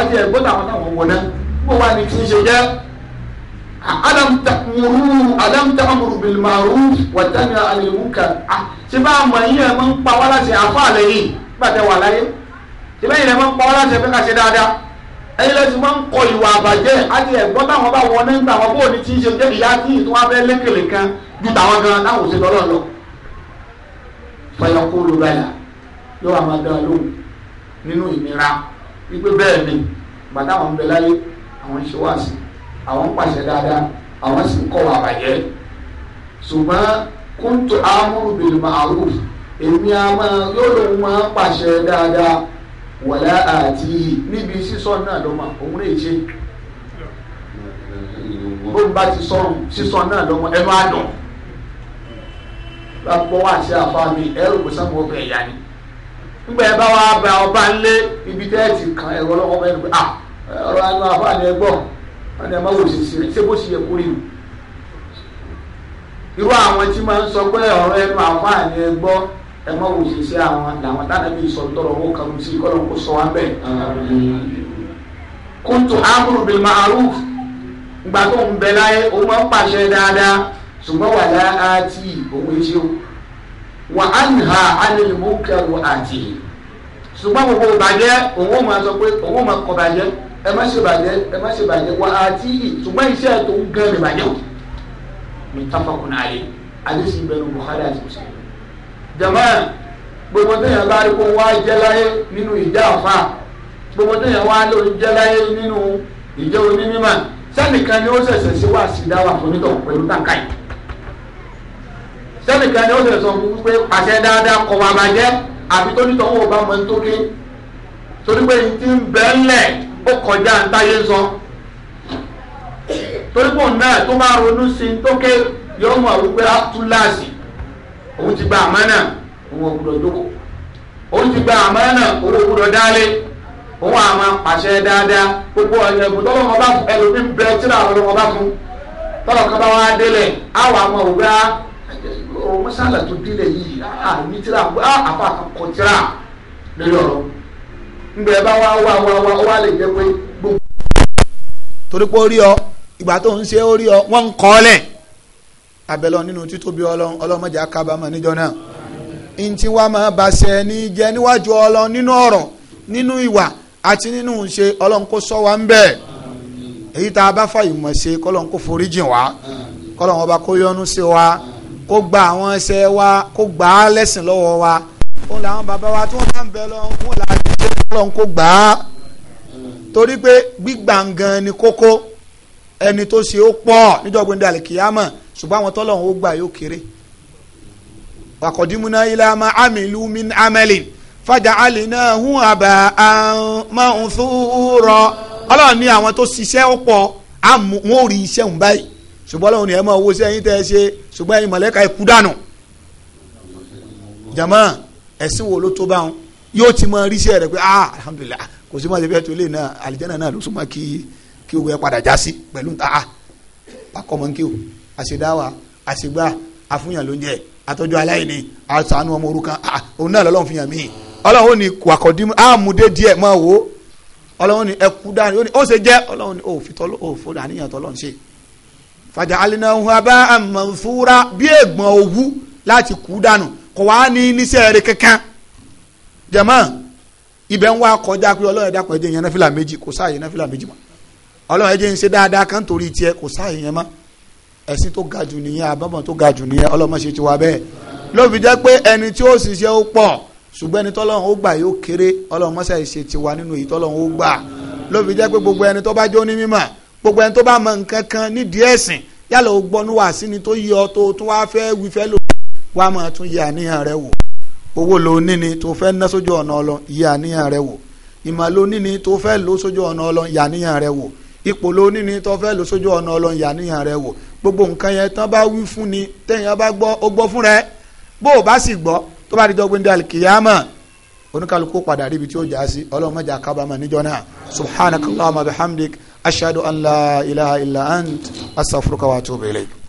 àti ẹ̀gbọ́n táwọn táwọn wọ̀ náà gbogbo wa ni kí n ṣe jẹ́ alam ta'muru alam ta'muru bil ma'ruf wa tanya 'anil munkar ah, ṣé bá àmọ̀ yín ẹ̀ máa ń pa wá láti àfa àlẹ́ yìí nígbà tẹ́ wà láyé ṣé bẹ́ẹ̀ yìí ẹ̀ máa ń pa wá láti ẹ̀fẹ́ ká ṣe dáadáa ẹ̀yin lẹ́sìn máa ń kọ ìwà àbàjẹ́ àti ẹ̀gbọ́n táwọn bá wọ nígbà wọn bóò ní tí ń ṣe jẹ́ ìyá tí ìtún abẹ́ lékele kan ju tàwọn gan láwọn òṣèlú ọlọ́ọ̀lọ́ fọyọ́kú olùbáyà yóò máa dá lóhùn nínú ìnira wípé bẹ́ẹ̀ ni bàtà àwọn bẹ láyé àwọn ń ṣe wáàsí àwọn pàṣẹ dáadáa àwọn sì ń kọ́ wa bàjẹ́ ṣùgbọ́n kúntù amúrú bil ma'ruf èmi àmọ́ yóò lòun máa ń pàṣẹ dáadáa wọ̀lá àti níbi sísọ náà ló mà òun lè ṣe bó ń bá ti sọrùn sísọ náà ló mọ ẹnu àdùn lápò wá sí afá mi ẹrù kò sábà ọbẹ̀ ẹ̀yà ni nígbà yẹn bá wàá bá ọba ńlé ibi tẹ́ ẹ ẹ̀rọ ọlọ́wọ́ bẹ́ẹ̀ ni pé ah ọ̀rọ̀ àgbà afá ni ẹ gbọ́ ọ̀nà ẹ̀ma wò sisi ṣé bó ṣe yẹ kó o irú àwọn tí máa ń sọ pé ọ̀rọ̀ ẹnu àwọn àní ẹ gbọ́ ẹ̀ma wò sisi àwọn làwọn a ẹbí sọ tọrọ owó kan sí kọ́lọ́ kó sọ wá bẹ́ẹ̀ kuntu amuru bil ma'ruf ìgbà tó ń bẹ láyé o máa ń pàṣẹ dáadáa ṣùgbọ́n wà láti òun èṣe o wà á ń ha alẹ́ mú kẹrù àti ṣùgbọ́n gbogbo ìbàjẹ́ òun ó máa sọ pé òun ó máa kọ bàjẹ́ ẹ má ṣe bàjẹ́ ẹ má ṣe bàjẹ́ wà á tí ì ṣùgbọ́n iṣẹ́ tó ń gan lè bàjẹ́ o mi tafa ale ale sì bẹnu Bukhari àti Muslim jama gbogbo tẹ̀yàn bá rí kó wá jẹ́ láyé nínú ìjà àfa gbogbo tẹ̀yàn wá lórí jẹ́ láyé nínú ìjẹ́ onímọ̀ sẹ́nìkan ni ó ṣẹ̀ṣẹ̀ sí wá sídá wà fún nítọ̀ pẹ̀lú tàǹkà yìí sẹ́nìkan ni ó ṣẹ̀ṣẹ̀ sọ fún wípé pàṣẹ dáadáa kọ̀ wà bàjẹ́ àbí tó nítọ̀ wọn ò bá mọ ní torí pé ní ti ń bẹ́ẹ̀ lẹ̀ ó kọjá ntáyé sọ torí pò náà tó bá ronú sí i tó ké yọọ mọ wípé túláàsì òun ti gba àmánà òun ògbúdọ̀ dókò òun ti gba àmánà òun ògbúdọ̀ dálé òun àmà pàṣẹ dáadáa gbogbo ọ̀yàn ìbùdó ọlọ́mọ bá fún ẹlòmí bẹ tíra ọlọ́mọ bá fún tọ́lọ̀ kan bá wá délẹ̀ àwọn àmọ̀ òwúrọ̀ ah, ọmọ sálà tó délẹ̀ yìí àmì tíra àfa àkọ́kọ́ tíra lórí ọ̀rọ̀ ngbẹ bá wa wa wa wa wá lè jẹ pé gbogbo. torí pé ó rí ọ ìgbà tó ń ṣe ó rí ọ wọ́n ń kọ́ lẹ̀ abẹ́lọ nínú títóbi ọlọ́run ọlọ́mọdé akábàámọ̀ níjọ náà ntí wàá máa bàṣẹ ní jẹ níwájú ọlọ́run nínú ọ̀rọ̀ nínú ìwà àti nínú ìṣe ọlọ́run kó sọ wá ń bẹ̀ èyí tá a bá fà ìmọ̀ ṣe kọ́lọ́run kó forí jìn wá kọ́lọ́run ọba kó yọ́nú sí wa kó gba àwọn ẹsẹ̀ wa kó gbà á lẹ́sìn lọ́wọ́ wa ó làwọn bàbá wa tí wọ́n bá ń bẹ lọ́wọ́ wọn là ọlọ́run kò gbà á torí pé gbígbàǹgan ni kókó ẹni tó ṣe ó pọ̀ níjọ́ gbẹ̀ndẹ̀ àlìkìyàmọ̀ ṣùgbọ́n àwọn tọ́lọ́run ó gbà yóò kéré wàkọ̀dímúná ilá ma amìlú min amẹ́lì fàjà àlìná hún àbà máa ń fúrọ ọlọ́run ní àwọn tó ṣiṣẹ́ ó pọ̀ wọn ò rí iṣẹ́ òun báyìí ṣùgbọ́n ọlọ́run ní ẹ máa wo sí ẹyin tẹ́ ẹ ṣe ṣùgbọ́n ẹyin mọ̀lẹ́ka ẹ kú dànù jàmọ́ ẹ̀sìn wo ló tó bá yóò ti mọ ríṣẹ́ rẹ̀ pé ah alhamdulilah kò sí máa ṣe fẹ́ tó lé náà àlìjẹ́nà náà ló súnmọ́ kí kí owó padà já sí pẹ̀lú ta ah akọmọ nkí o àṣedáwà àṣegbà àfúnyàn ló ń jẹ àtọ́jú aláìní àṣàánú ọmọ òrukàn ah òun náà lọ́lọ́run fi hàn mí ọlọ́run ò ní kò àkọ́dí àmúdé díẹ̀ máa wò ó ọlọ́run ní ẹkú dání ó ṣe jẹ́ ọlọ́run ní ò fi tọ́lọ́ ò fọ́ àníyàn tọ́lọ́run ṣe fàjà alinahu abá àmọ̀fúra jẹ̀mọ́ ibẹ̀ ń wá kọjá pé ọlọ́run ẹ̀dá kan ẹ̀jẹ̀ yẹn náfìlà méjì kò sáàyè náfìlà méjì mọ́ ọlọ́run ẹ̀jẹ̀ ń ṣe dáadáa kan torí tiẹ̀ kò sáàyè yẹn mọ́ ẹ̀sìn tó ga jù nìyẹn àbámọ̀ tó ga jù nìyẹn ọlọ́run má ṣe ti wá bẹ́ẹ̀ ló fi jẹ́ pé ẹni tí ó ṣiṣẹ́ ó pọ̀ ṣùgbọ́n ẹni tọ́lọ́run ó gbà yóò kéré ọlọ́run ṣe ṣe ti wá nínú èyí tọ́lọ́run ó gbà ló fi jẹ́ pé gbogbo ẹni tó bá jó ní mímọ̀ gbogbo ẹni tó bá mọ nǹkan kan nídìí ẹ̀sìn yálà ó gbọ́nú wàásí ni tó yọ tó tún wá fẹ́ wí fẹ́ lò wá máa tún yẹ àníyàn rẹ wò owó lo níní tó fẹ́ ná sójú ọ̀nà ọlọ yẹ àníyàn rẹ wò ìmọ̀ lo níní tó fẹ́ lò sójú ọ̀nà ọlọ yẹ àníyàn rẹ wò ipò lo níní tó fẹ́ lò sójú ọ̀nà ọlọ yẹ àníyàn rẹ wò gbogbo nǹkan yẹn tán bá wí fún ni tẹ̀yìn bá gbọ́ ó gbọ́ fún rẹ bó o bá sì gbọ́ tó bá di dọ́gbìn dàlí kìyàmà oníkàlùkù padà ríbi tí ó jà sí ọlọ́run mẹ́jà kábàámà níjọ́ náà subhanakallahumma bihamdik ashhadu an la ilaha illa ant astaghfiruka wa atubu